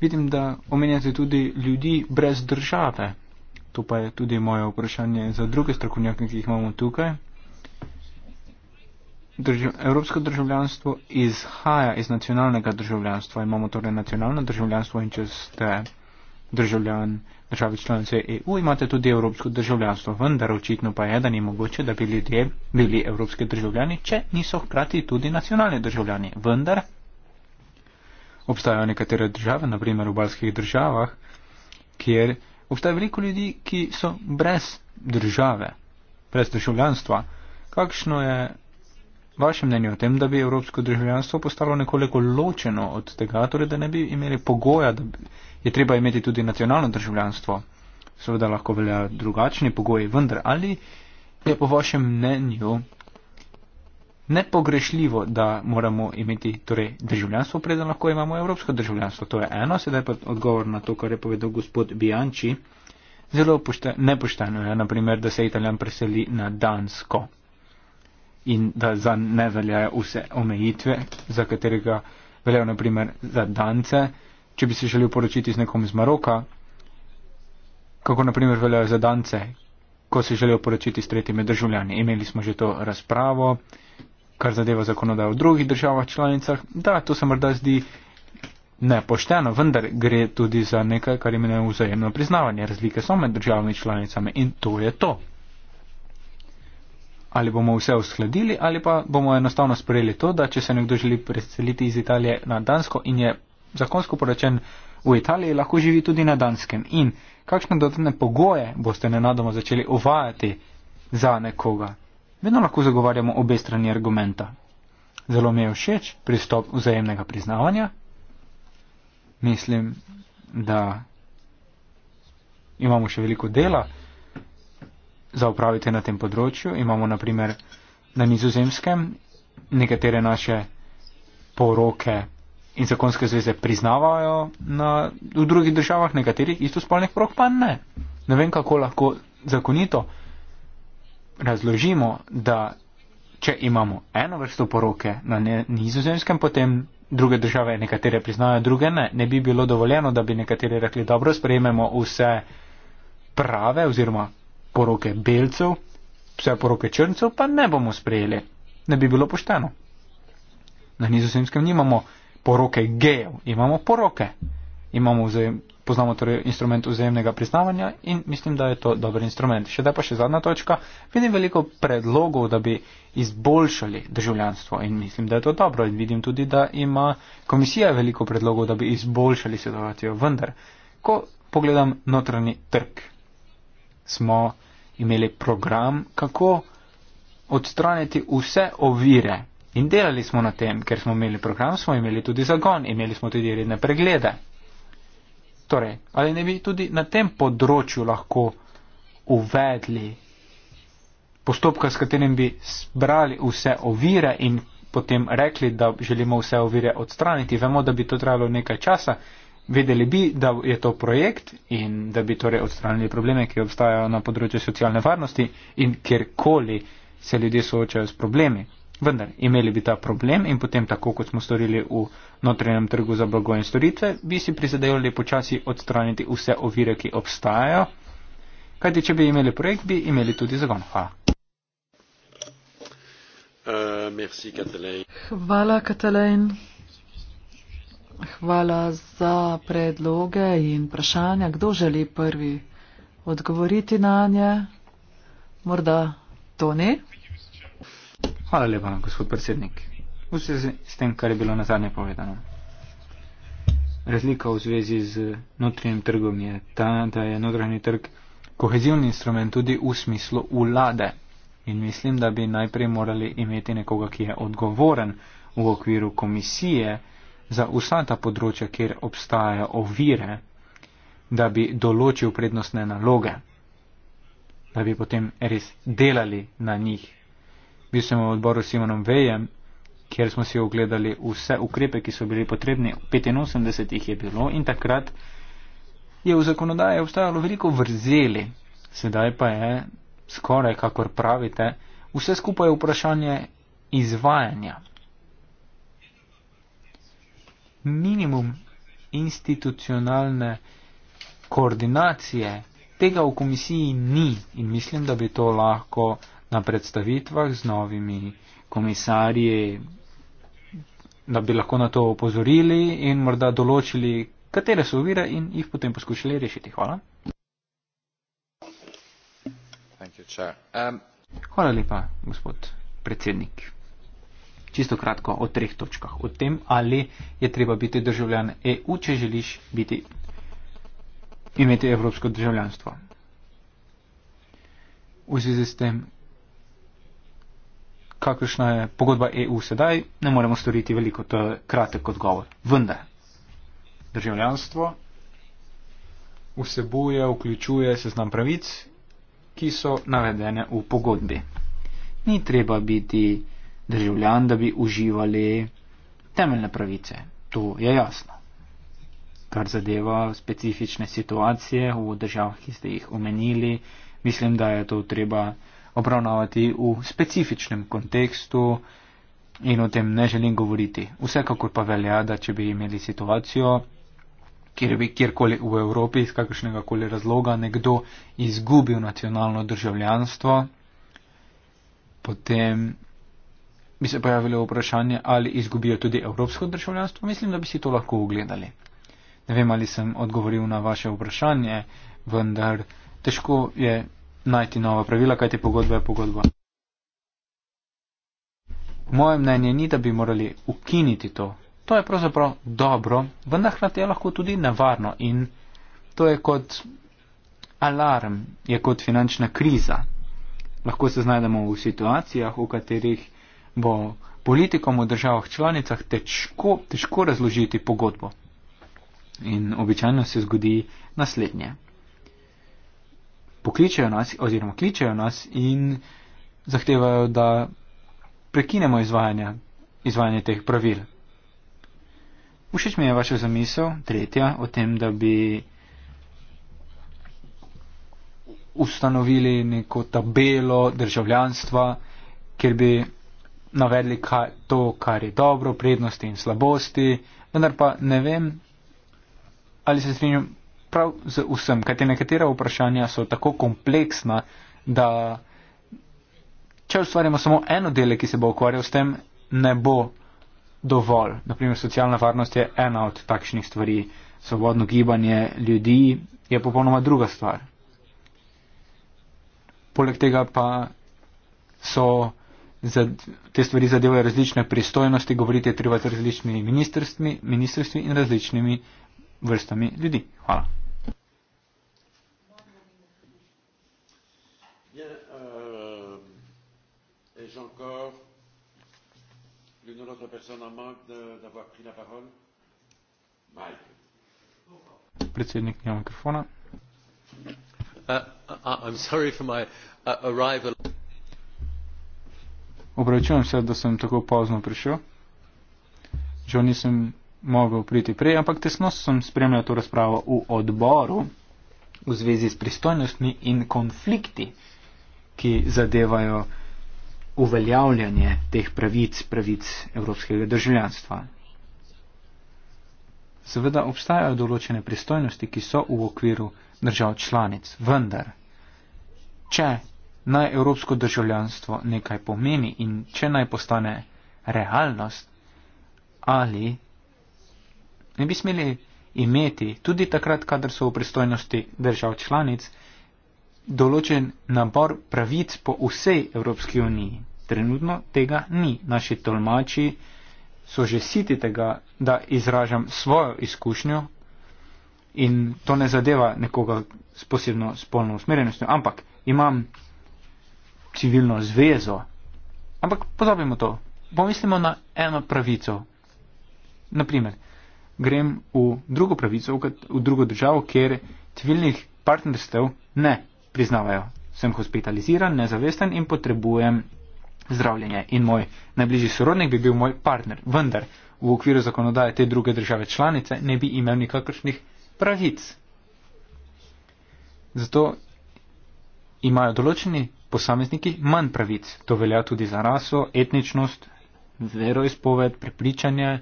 C: Vidim, da omenjate tudi ljudi brez države. To pa je tudi moje vprašanje za druge strokovnjake, ki jih imamo tukaj. Držav, evropsko državljanstvo izhaja iz nacionalnega državljanstva. Imamo torej nacionalno državljanstvo in če ste državljan države članice EU, imate tudi evropsko državljanstvo. Vendar očitno pa je, da ni mogoče, da bi ljudje bili evropski državljani, če niso hkrati tudi nacionalni državljani. Vendar obstajajo nekatere države, naprimer v balskih državah, kjer obstaja veliko ljudi, ki so brez države, brez državljanstva. Kakšno je vaše mnenje o tem, da bi evropsko državljanstvo postalo nekoliko ločeno od tega, torej da ne bi imeli pogoja, da je treba imeti tudi nacionalno državljanstvo? Seveda lahko veljajo drugačni pogoji, vendar ali je po vašem mnenju nepogrešljivo, da moramo imeti torej, državljanstvo, preden lahko imamo evropsko državljanstvo. To je eno, sedaj pa odgovor na to, kar je povedal gospod Bianči. Zelo nepošteno je, naprimer, da se Italijan preseli na Dansko in da za ne veljajo vse omejitve, za katerega veljajo naprimer za Dance, če bi se želel poročiti z nekom iz Maroka, kako naprimer veljajo za Dance, ko se želijo poročiti s tretjimi državljani. Imeli smo že to razpravo, kar zadeva zakonodajo v drugih državah članicah. Da, to se morda zdi nepošteno, vendar gre tudi za nekaj, kar imenujem vzajemno priznavanje. Razlike so med državami članicami in to je to. Ali bomo vse uskladili, ali pa bomo enostavno sprejeli to, da če se nekdo želi preseliti iz Italije na Dansko in je zakonsko poročen v Italiji, lahko živi tudi na Danskem. In kakšne dodatne pogoje boste nenadoma začeli uvajati za nekoga, Vedno lahko zagovarjamo obe strani argumenta. Zelo mi je všeč pristop vzajemnega priznavanja. Mislim, da imamo še veliko dela za upraviti na tem področju. Imamo naprimer na nizozemskem nekatere naše poroke in zakonske zveze priznavajo na, v drugih državah, nekaterih istospolnih porok pa ne. Ne vem, kako lahko zakonito razložimo, da če imamo eno vrsto poroke na nizozemskem, potem druge države nekatere priznajo, druge ne. Ne bi bilo dovoljeno, da bi nekateri rekli, dobro, sprejmemo vse prave oziroma poroke belcev, vse poroke črncev pa ne bomo sprejeli. Ne bi bilo pošteno. Na nizozemskem nimamo poroke gejev, imamo poroke. Imamo vzajem, poznamo torej instrument vzajemnega priznavanja in mislim, da je to dober instrument. Še da pa še zadnja točka, vidim veliko predlogov, da bi izboljšali državljanstvo in mislim, da je to dobro in vidim tudi, da ima komisija veliko predlogov, da bi izboljšali situacijo. Vendar, ko pogledam notranji trg, smo imeli program, kako odstraniti vse ovire. In delali smo na tem, ker smo imeli program, smo imeli tudi zagon, imeli smo tudi redne preglede. Torej, ali ne bi tudi na tem področju lahko uvedli postopka, s katerim bi zbrali vse ovire in potem rekli, da želimo vse ovire odstraniti. Vemo, da bi to trajalo nekaj časa. Vedeli bi, da je to projekt in da bi torej odstranili probleme, ki obstajajo na področju socialne varnosti in kjerkoli se ljudje soočajo s problemi. Vendar, imeli bi ta problem in potem, tako kot smo storili v notranjem trgu za blago in storitve, bi si prizadevali počasi odstraniti vse ovire, ki obstajajo. Kajti, če bi imeli projekt, bi imeli tudi zagon. Hvala.
A: Uh,
B: Hvala, Katalin. Hvala za predloge in vprašanja. Kdo želi prvi odgovoriti na nje? Morda Toni.
C: Hvala lepa, gospod predsednik. Vse s tem, kar je bilo na zadnje povedano. Razlika v zvezi z notranjim trgom je ta, da je notranji trg kohezivni instrument tudi v smislu vlade. In mislim, da bi najprej morali imeti nekoga, ki je odgovoren v okviru komisije za vsa ta področja, kjer obstajajo ovire, da bi določil prednostne naloge, da bi potem res delali na njih bistvenem odboru Simonom Vejem, kjer smo si ogledali vse ukrepe, ki so bili potrebni, 85 jih je bilo in takrat je v zakonodaji obstajalo veliko vrzeli, sedaj pa je skoraj, kakor pravite, vse skupaj vprašanje izvajanja. Minimum institucionalne koordinacije tega v komisiji ni in mislim, da bi to lahko na predstavitvah z novimi komisarji, da bi lahko na to opozorili in morda določili, katere so ovire in jih potem poskušali rešiti. Hvala.
A: Um,
C: Hvala lepa, gospod predsednik. Čisto kratko o treh točkah. O tem, ali je treba biti državljan EU, če želiš biti, imeti evropsko državljanstvo. V zvezi s tem, kakršna je pogodba EU sedaj, ne moremo storiti veliko, to je kratek odgovor. Vendar, državljanstvo vsebuje, vključuje seznam pravic, ki so navedene v pogodbi. Ni treba biti državljan, da bi uživali temeljne pravice, to je jasno. Kar zadeva specifične situacije v državah, ki ste jih omenili, mislim, da je to treba obravnavati v specifičnem kontekstu in o tem ne želim govoriti. Vsekakor pa velja, da če bi imeli situacijo, kjer bi kjerkoli v Evropi iz kakršnega koli razloga nekdo izgubil nacionalno državljanstvo, potem bi se pojavilo vprašanje, ali izgubijo tudi evropsko državljanstvo. Mislim, da bi si to lahko ogledali. Ne vem, ali sem odgovoril na vaše vprašanje, vendar težko je najti nova pravila, kajti pogodba je pogodba. Moje mnenje ni, da bi morali ukiniti to. To je pravzaprav dobro, vendar hkrati je lahko tudi nevarno in to je kot alarm, je kot finančna kriza. Lahko se znajdemo v situacijah, v katerih bo politikom v državah članicah težko, težko razložiti pogodbo. In običajno se zgodi naslednje pokličejo nas oziroma kličejo nas in zahtevajo, da prekinemo izvajanje, izvajanje teh pravil. Všeč mi je vaša zamisel, tretja, o tem, da bi ustanovili neko tabelo državljanstva, kjer bi navedli kaj, to, kar je dobro, prednosti in slabosti, vendar pa ne vem, ali se strinjam prav z vsem, kajte nekatera vprašanja so tako kompleksna, da če ustvarjamo samo eno dele, ki se bo ukvarjal s tem, ne bo dovolj. Naprimer, socialna varnost je ena od takšnih stvari, svobodno gibanje ljudi je popolnoma druga stvar. Poleg tega pa so te stvari zadevajo različne pristojnosti, govorite treba z različnimi ministrstvi, ministrstvi in različnimi vrstami ljudi. Hvala.
A: une autre personne en manque d'avoir pris la parole Mike.
C: Predsednik nima mikrofona.
A: Uh, uh, uh,
C: Opravičujem se, da sem tako pozno prišel. Žal nisem mogel priti prej, ampak tesno sem spremljal to razpravo v odboru v zvezi s pristojnostmi in konflikti, ki zadevajo uveljavljanje teh pravic, pravic evropskega državljanstva. Seveda obstajajo določene pristojnosti, ki so v okviru držav članic, vendar, če naj evropsko državljanstvo nekaj pomeni in če naj postane realnost, ali ne bi smeli imeti tudi takrat, kadar so v pristojnosti držav članic, določen nabor pravic po vsej Evropski uniji. Trenutno tega ni. Naši tolmači so že siti tega, da izražam svojo izkušnjo in to ne zadeva nekoga s posebno spolno usmerjenostjo, ampak imam civilno zvezo. Ampak pozabimo to. Pomislimo na eno pravico. Naprimer, grem v drugo pravico, v drugo državo, kjer civilnih partnerstev ne priznavajo, sem hospitaliziran, nezavesten in potrebujem zdravljenje. In moj najbližji sorodnik bi bil moj partner. Vendar v okviru zakonodaje te druge države članice ne bi imel nikakršnih pravic. Zato imajo določeni posamezniki manj pravic. To velja tudi za raso, etničnost, veroizpoved, prepričanje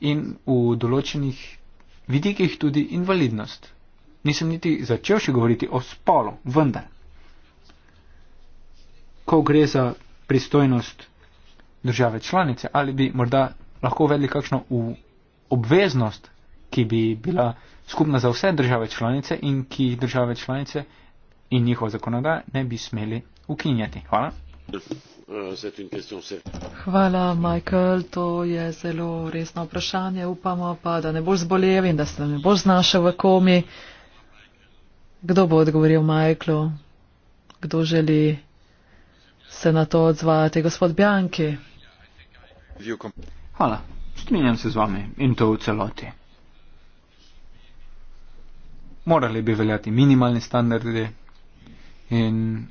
C: in v določenih vidikih tudi invalidnost. Nisem niti začel še govoriti o spolu, vendar. Ko gre za pristojnost države članice, ali bi morda lahko uvedli kakšno obveznost, ki bi bila skupna za vse države članice in ki jih države članice in njihova zakonodaja ne bi smeli ukinjati. Hvala.
B: Hvala, Michael. To je zelo resno vprašanje. Upamo pa, da ne boš zbolel in da se ne boš znašel v komi. Kdo bo odgovoril Majklu? Kdo želi se na to odzvati? Gospod Bjanki. Hvala.
C: Strinjam se z vami in to v celoti. Morali bi veljati minimalni standardi in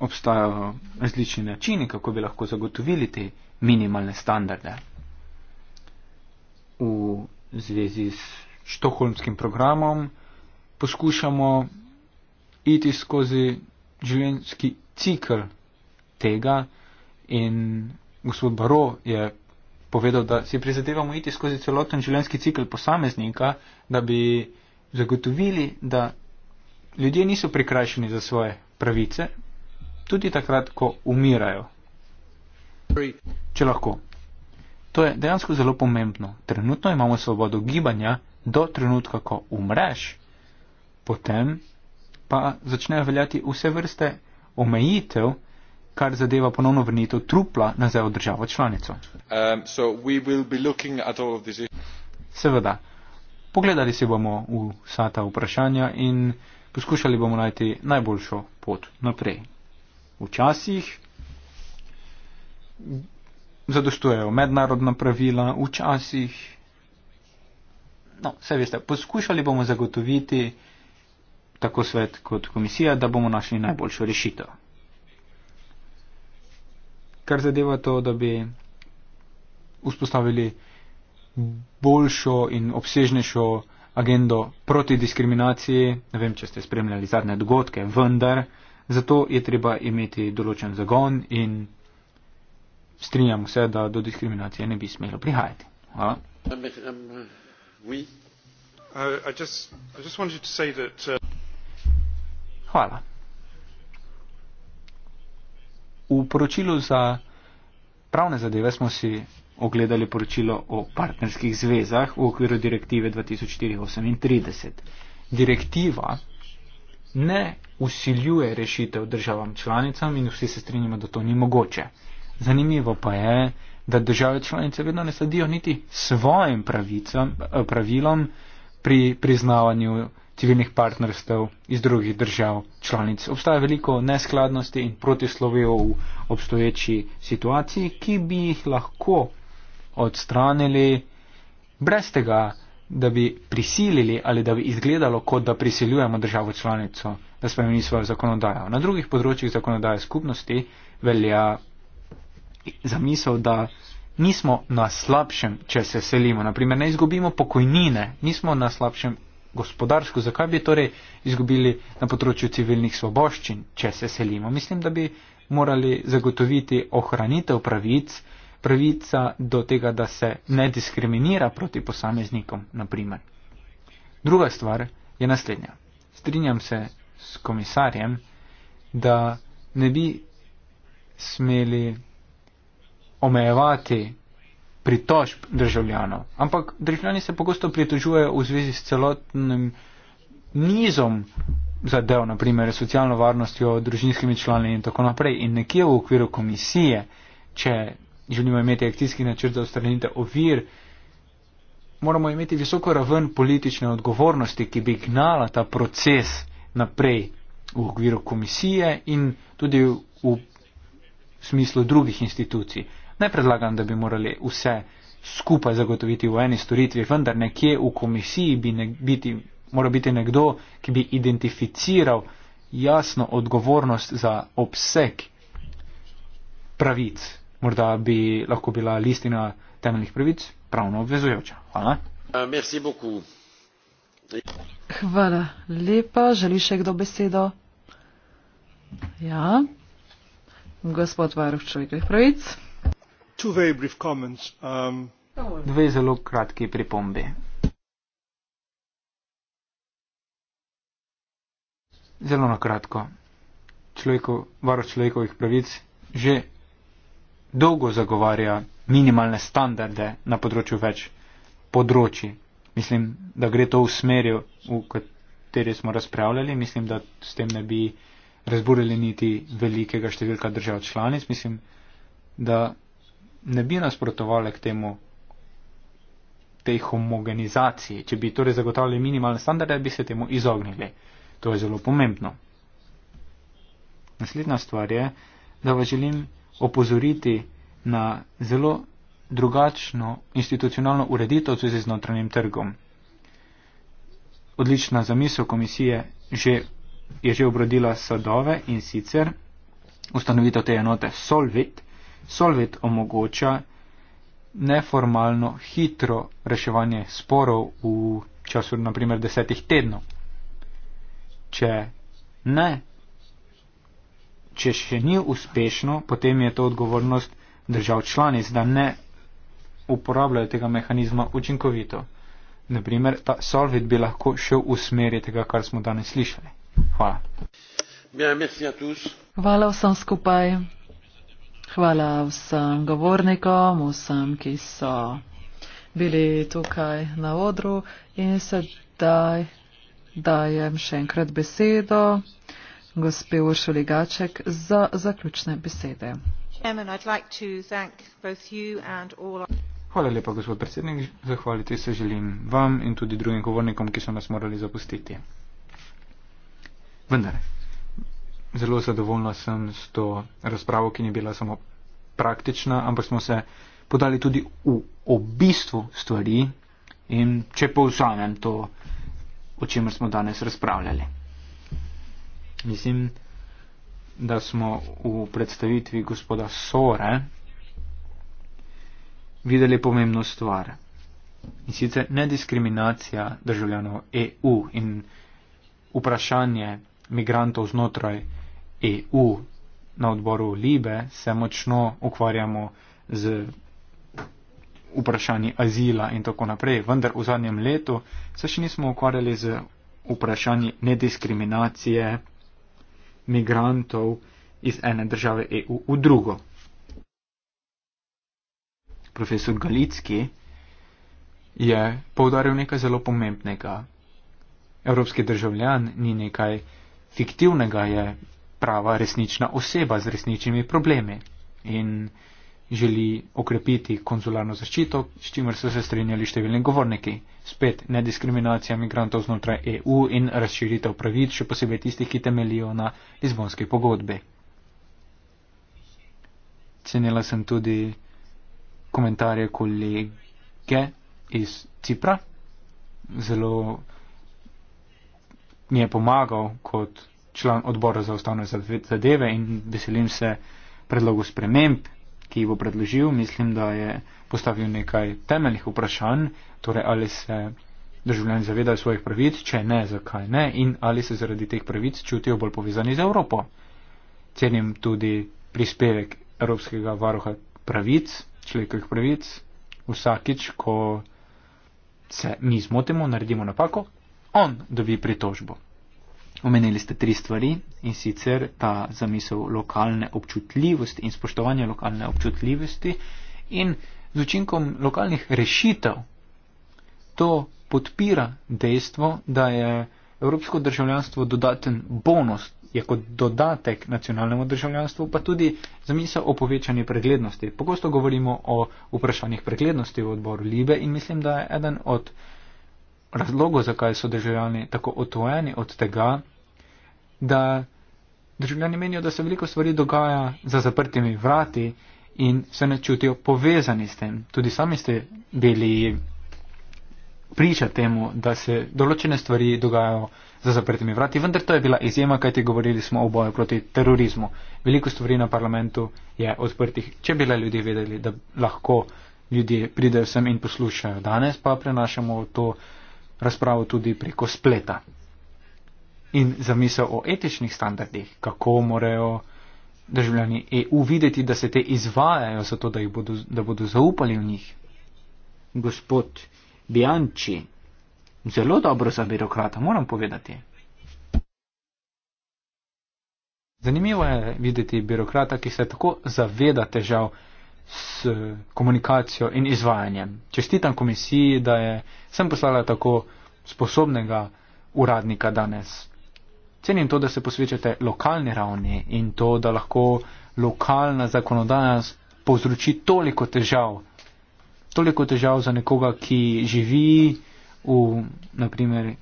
C: obstajajo različni načini, kako bi lahko zagotovili te minimalne standarde. V zvezi s Štokholmskim programom poskušamo iti skozi življenjski cikl tega in gospod Baro je povedal, da si prizadevamo iti skozi celoten življenjski cikl posameznika, da bi zagotovili, da ljudje niso prikrajšeni za svoje pravice, tudi takrat, ko umirajo. Če lahko. To je dejansko zelo pomembno. Trenutno imamo svobodo gibanja do trenutka, ko umreš, potem pa začnejo veljati vse vrste omejitev, kar zadeva ponovno vrnitev trupla nazaj v državo članico.
A: Um,
C: Seveda, pogledali si bomo vsa ta vprašanja in poskušali bomo najti najboljšo pot naprej. Včasih zadostujejo mednarodna pravila, včasih. No, vse veste, poskušali bomo zagotoviti, tako svet kot komisija, da bomo našli najboljšo rešitev. Kar zadeva to, da bi vzpostavili boljšo in obsežnejšo agendo proti diskriminaciji, ne vem, če ste spremljali zadnje dogodke, vendar zato je treba imeti določen zagon in strinjam se, da do diskriminacije ne bi smelo prihajati. Hvala.
A: Um, um, um, uh, I just, I just wanted to say that uh
C: Hvala. V poročilu za pravne zadeve smo si ogledali poročilo o partnerskih zvezah v okviru direktive 2438. Direktiva ne usiljuje rešitev državam članicam in vsi se strinjamo, da to ni mogoče. Zanimivo pa je, da države članice vedno ne sledijo niti svojim pravicam, eh, pravilom pri priznavanju civilnih partnerstev iz drugih držav članic. Obstaja veliko neskladnosti in protislovijo v obstoječi situaciji, ki bi jih lahko odstranili brez tega, da bi prisilili ali da bi izgledalo, kot da prisiljujemo državo članico, da spremeni svojo zakonodajo. Na drugih področjih zakonodaje skupnosti velja zamisel, da nismo na slabšem, če se selimo. Naprimer, ne izgubimo pokojnine, nismo na slabšem, gospodarsko, zakaj bi torej izgubili na področju civilnih svoboščin, če se selimo. Mislim, da bi morali zagotoviti ohranitev pravic, pravica do tega, da se ne diskriminira proti posameznikom, naprimer. Druga stvar je naslednja. Strinjam se s komisarjem, da ne bi smeli omejevati pritožb državljanov. Ampak državljani se pogosto pritožujejo v zvezi s celotnim nizom zadev, naprimer socialno varnostjo, družinskimi člani in tako naprej. In nekje v okviru komisije, če želimo imeti akcijski načrt za ustranitev ovir, moramo imeti visoko raven politične odgovornosti, ki bi gnala ta proces naprej v okviru komisije in tudi v, v smislu drugih institucij. Ne predlagam, da bi morali vse skupaj zagotoviti v eni storitvi, vendar nekje v komisiji bi ne, biti, mora biti nekdo, ki bi identificiral jasno odgovornost za obseg pravic. Morda bi lahko bila listina temeljnih pravic
A: pravno obvezujoča. Hvala.
B: Hvala lepa. Želi še kdo besedo? Ja. Gospod varuh človekovih pravic. Um,
C: Dve zelo kratki pripombi. Zelo na kratko. Varoš človekovih pravic že dolgo zagovarja minimalne standarde na področju več področji. Mislim, da gre to v smeri, v kateri smo razpravljali. Mislim, da s tem ne bi razburili niti velikega številka držav članic. Mislim, da ne bi nasprotovali k temu, tej homogenizaciji. Če bi torej zagotavljali minimalne standarde, bi se temu izognili. To je zelo pomembno. Naslednja stvar je, da vas želim opozoriti na zelo drugačno institucionalno ureditev tudi z notranjim trgom. Odlična zamisel komisije že, je že obrodila sadove in sicer ustanovitev te enote Solvit, Solvit omogoča neformalno hitro reševanje sporov v času naprimer desetih tednov. Če ne, če še ni uspešno, potem je to odgovornost držav članic, da ne uporabljajo tega mehanizma učinkovito. Naprimer, ta Solvit bi lahko šel v smeri tega, kar smo danes slišali. Hvala.
B: Hvala vsem skupaj. Hvala vsem govornikom, vsem, ki so bili tukaj na odru in sedaj dajem še enkrat besedo gospe Uršuli Gaček za zaključne besede. Hvala lepa, gospod
C: predsednik. Zahvaliti se želim vam in tudi drugim govornikom, ki so nas morali zapustiti. Vendar zelo zadovoljna sem s to razpravo, ki ni bila samo praktična, ampak smo se podali tudi v obistvu stvari in če povzamem to, o čemer smo danes razpravljali. Mislim, da smo v predstavitvi gospoda Sore videli pomembno stvar. In sicer nediskriminacija državljanov EU in vprašanje migrantov znotraj EU. Na odboru Libe se močno ukvarjamo z vprašanji azila in tako naprej, vendar v zadnjem letu se še nismo ukvarjali z vprašanji nediskriminacije migrantov iz ene države EU v drugo. Profesor Galicki je povdaril nekaj zelo pomembnega. Evropski državljan ni nekaj fiktivnega, je prava resnična oseba z resničnimi problemi in želi okrepiti konzularno zaščito, s čimer so se strinjali številni govorniki. Spet nediskriminacija migrantov znotraj EU in razširitev pravic, še posebej tistih, ki temelijo na izbonski pogodbi. Cenila sem tudi komentarje kolege iz Cipra. Zelo mi je pomagal kot član odbora za ustavne zadeve in veselim se predlogu sprememb, ki jih bo predložil. Mislim, da je postavil nekaj temeljnih vprašanj, torej ali se državljani zavedajo svojih pravic, če ne, zakaj ne in ali se zaradi teh pravic čutijo bolj povezani z Evropo. Cenim tudi prispevek Evropskega varuha pravic, človekovih pravic, vsakič, ko se mi zmotimo, naredimo napako, on dobi pritožbo. Omenili ste tri stvari in sicer ta zamisel lokalne občutljivosti in spoštovanje lokalne občutljivosti in z učinkom lokalnih rešitev to podpira dejstvo, da je evropsko državljanstvo dodaten bonus, je kot dodatek nacionalnemu državljanstvu, pa tudi zamisel o povečanju preglednosti. Pogosto govorimo o vprašanjih preglednosti v odboru Libe in mislim, da je eden od. Razlogo, zakaj so državljani tako otvojeni od tega, da državljani menijo, da se veliko stvari dogaja za zaprtimi vrati in se ne čutijo povezani s tem. Tudi sami ste bili priča temu, da se določene stvari dogajajo za zaprtimi vrati, vendar to je bila izjema, kajti govorili smo o boju proti terorizmu. Veliko stvari na parlamentu je odprtih, če bi le ljudje vedeli, da lahko ljudje pridejo sem in poslušajo. Danes pa prenašamo to razpravo tudi preko spleta in zamisel o etičnih standardih, kako morajo državljani EU videti, da se te izvajajo, zato da, bodo, da bodo zaupali v njih. Gospod Bianči, zelo dobro za birokrata, moram povedati. Zanimivo je videti birokrata, ki se tako zaveda težav s komunikacijo in izvajanjem. Čestitam komisiji, da je sem poslala tako sposobnega uradnika danes cenim to, da se posvečate lokalni ravni in to, da lahko lokalna zakonodaja povzroči toliko težav. Toliko težav za nekoga, ki živi v, naprimer,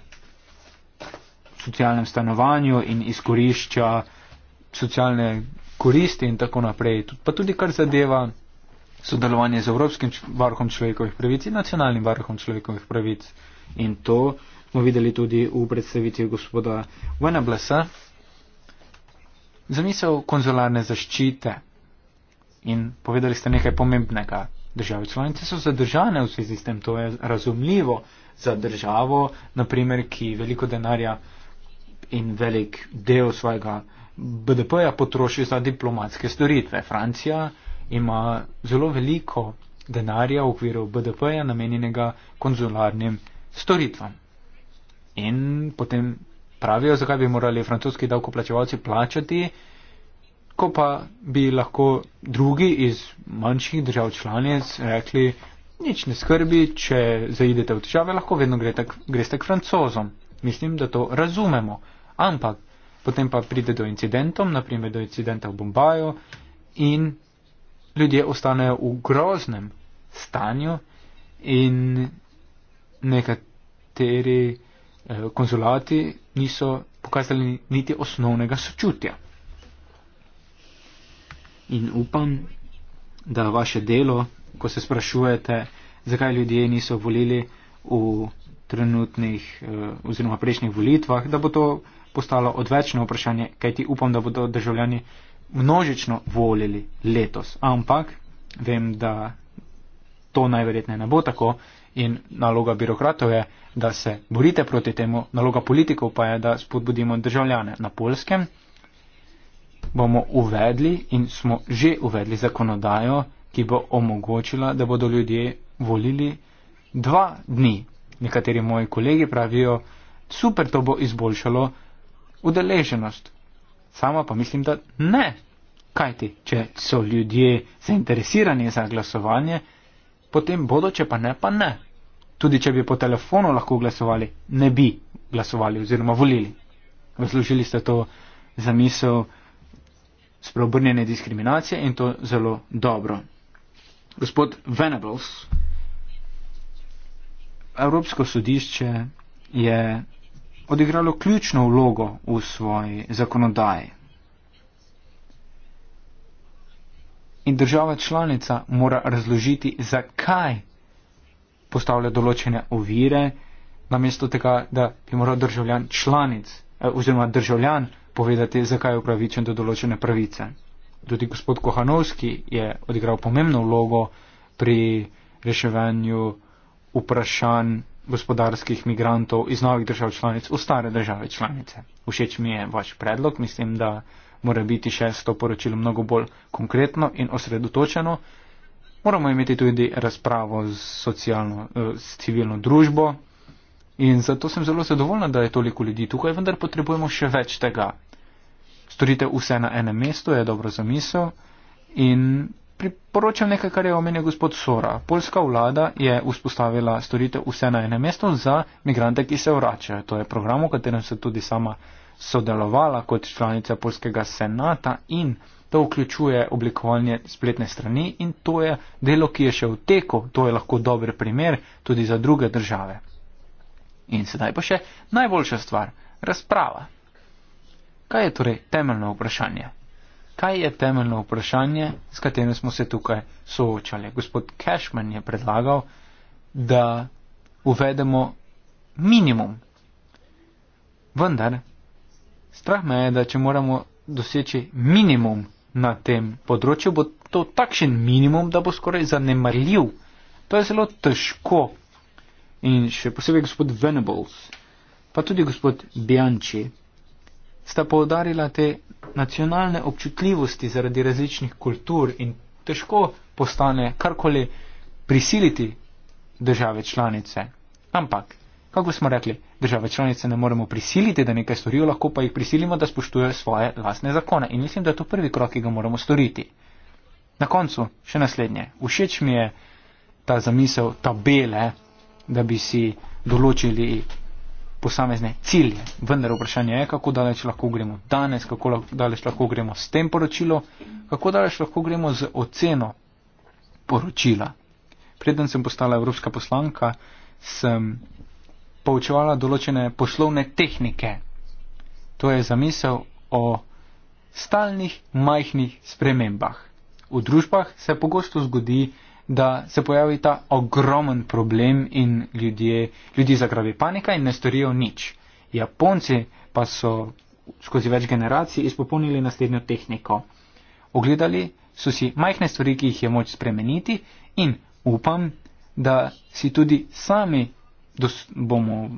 C: socialnem stanovanju in izkorišča socialne koristi in tako naprej. Pa tudi kar zadeva sodelovanje z Evropskim varhom človekovih pravic in nacionalnim varhom človekovih pravic. In to smo videli tudi v predstavitvi gospoda Venablesa, zamisel konzularne zaščite. In povedali ste nekaj pomembnega. Države članice so zadržane v zvezi s tem, to je razumljivo za državo, naprimer, ki veliko denarja in velik del svojega BDP-ja potroši za diplomatske storitve. Francija ima zelo veliko denarja v okviru BDP-ja namenjenega konzularnim storitvam in potem pravijo, zakaj bi morali francoski davkoplačevalci plačati, ko pa bi lahko drugi iz manjših držav članic rekli, nič ne skrbi, če zaidete v težave, lahko vedno greste, greste k francozom. Mislim, da to razumemo. Ampak potem pa pride do incidentov, naprimer do incidenta v Bombaju in ljudje ostanejo v groznem stanju in nekateri Eh, konzulati niso pokazali niti osnovnega sočutja. In upam, da vaše delo, ko se sprašujete, zakaj ljudje niso volili v trenutnih eh, oziroma prejšnjih volitvah, da bo to postalo odvečno vprašanje, kajti upam, da bodo državljani množično volili letos. Ampak vem, da to najverjetneje ne bo tako, In naloga birokratov je, da se borite proti temu, naloga politikov pa je, da spodbudimo državljane. Na polskem bomo uvedli in smo že uvedli zakonodajo, ki bo omogočila, da bodo ljudje volili dva dni. Nekateri moji kolegi pravijo, super, to bo izboljšalo udeleženost. Sama pa mislim, da ne. Kajti, če so ljudje zainteresirani za glasovanje, potem bodo, če pa ne, pa ne. Tudi če bi po telefonu lahko glasovali, ne bi glasovali oziroma volili. Razložili ste to zamisel spreobrnjene diskriminacije in to zelo dobro. Gospod Venables, Evropsko sodišče je odigralo ključno vlogo v svoji zakonodaji. in država članica mora razložiti, zakaj postavlja določene ovire, namesto tega, da bi moral državljan članic eh, oziroma državljan povedati, zakaj je upravičen do določene pravice. Tudi gospod Kohanovski je odigral pomembno vlogo pri reševanju vprašanj gospodarskih migrantov iz novih držav članic v stare države članice. Všeč mi je vaš predlog, mislim, da mora biti šesto poročilo mnogo bolj konkretno in osredotočeno. Moramo imeti tudi razpravo s, socialno, eh, s civilno družbo in zato sem zelo zadovoljna, da je toliko ljudi tukaj, vendar potrebujemo še več tega. Storite vse na enem mestu, je dobro zamisel in priporočam nekaj, kar je omenil gospod Sora. Polska vlada je vzpostavila storitev vse na enem mestu za migrante, ki se vračajo. To je program, v katerem se tudi sama sodelovala kot članica Polskega senata in to vključuje oblikovanje spletne strani in to je delo, ki je še v teku. To je lahko dober primer tudi za druge države. In sedaj pa še najboljša stvar. Razprava. Kaj je torej temeljno vprašanje? kaj je temeljno vprašanje, s katerim smo se tukaj soočali. Gospod Cashman je predlagal, da uvedemo minimum. Vendar, strah me je, da če moramo doseči minimum na tem področju, bo to takšen minimum, da bo skoraj zanemarljiv. To je zelo težko. In še posebej gospod Venables, pa tudi gospod Bianchi sta poudarila te nacionalne občutljivosti zaradi različnih kultur in težko postane karkoli prisiliti države članice. Ampak, kako smo rekli, države članice ne moremo prisiliti, da nekaj storijo, lahko pa jih prisilimo, da spoštujejo svoje lastne zakone. In mislim, da je to prvi krok, ki ga moramo storiti. Na koncu še naslednje. Všeč mi je ta zamisel tabele, da bi si določili posamezne cilje. Vendar vprašanje je, kako daleč lahko gremo danes, kako daleč lahko gremo s tem poročilom, kako daleč lahko gremo z oceno poročila. Preden sem postala evropska poslanka, sem poučevala določene poslovne tehnike. To je zamisel o stalnih majhnih spremembah. V družbah se pogosto zgodi, da se pojavi ta ogromen problem in ljudje, ljudi zagrabi panika in ne storijo nič. Japonci pa so skozi več generacij izpopolnili naslednjo tehniko. Ogledali so si majhne stvari, ki jih je moč spremeniti in upam, da si tudi sami dos bomo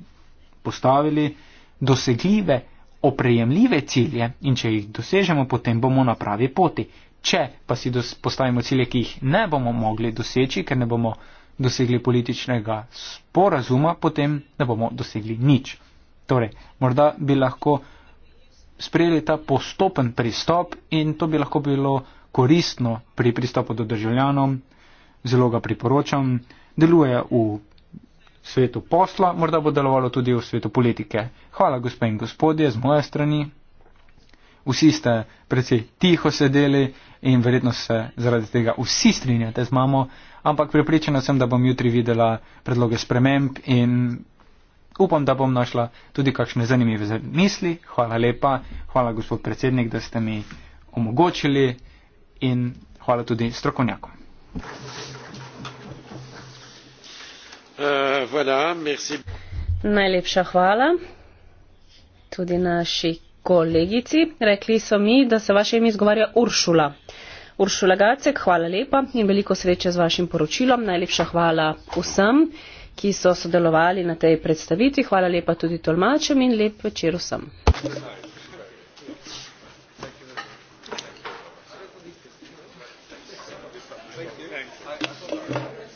C: postavili dosegljive, oprejemljive cilje in če jih dosežemo, potem bomo na pravi poti. Če pa si dos, postavimo cilje, ki jih ne bomo mogli doseči, ker ne bomo dosegli političnega sporazuma, potem ne bomo dosegli nič. Torej, morda bi lahko sprejeli ta postopen pristop in to bi lahko bilo koristno pri pristopu do državljanom, zelo ga priporočam, deluje v svetu posla, morda bo delovalo tudi v svetu politike. Hvala, gospe in gospodje, z moje strani. Vsi ste precej tiho sedeli in verjetno se zaradi tega vsi strinjate z mamo, ampak pripričana sem, da bom jutri videla predloge sprememb in upam, da bom našla tudi kakšne zanimive misli. Hvala lepa, hvala gospod predsednik, da ste mi omogočili in hvala tudi strokovnjakom.
A: Uh, voilà,
D: Najlepša hvala tudi naši kolegici. Rekli so mi, da se vaše ime izgovarja Uršula. Uršula Gacek, hvala lepa in veliko sreče z vašim poročilom. Najlepša hvala vsem, ki so sodelovali na tej predstavitvi. Hvala lepa tudi tolmačem in lep večer vsem. Hvala.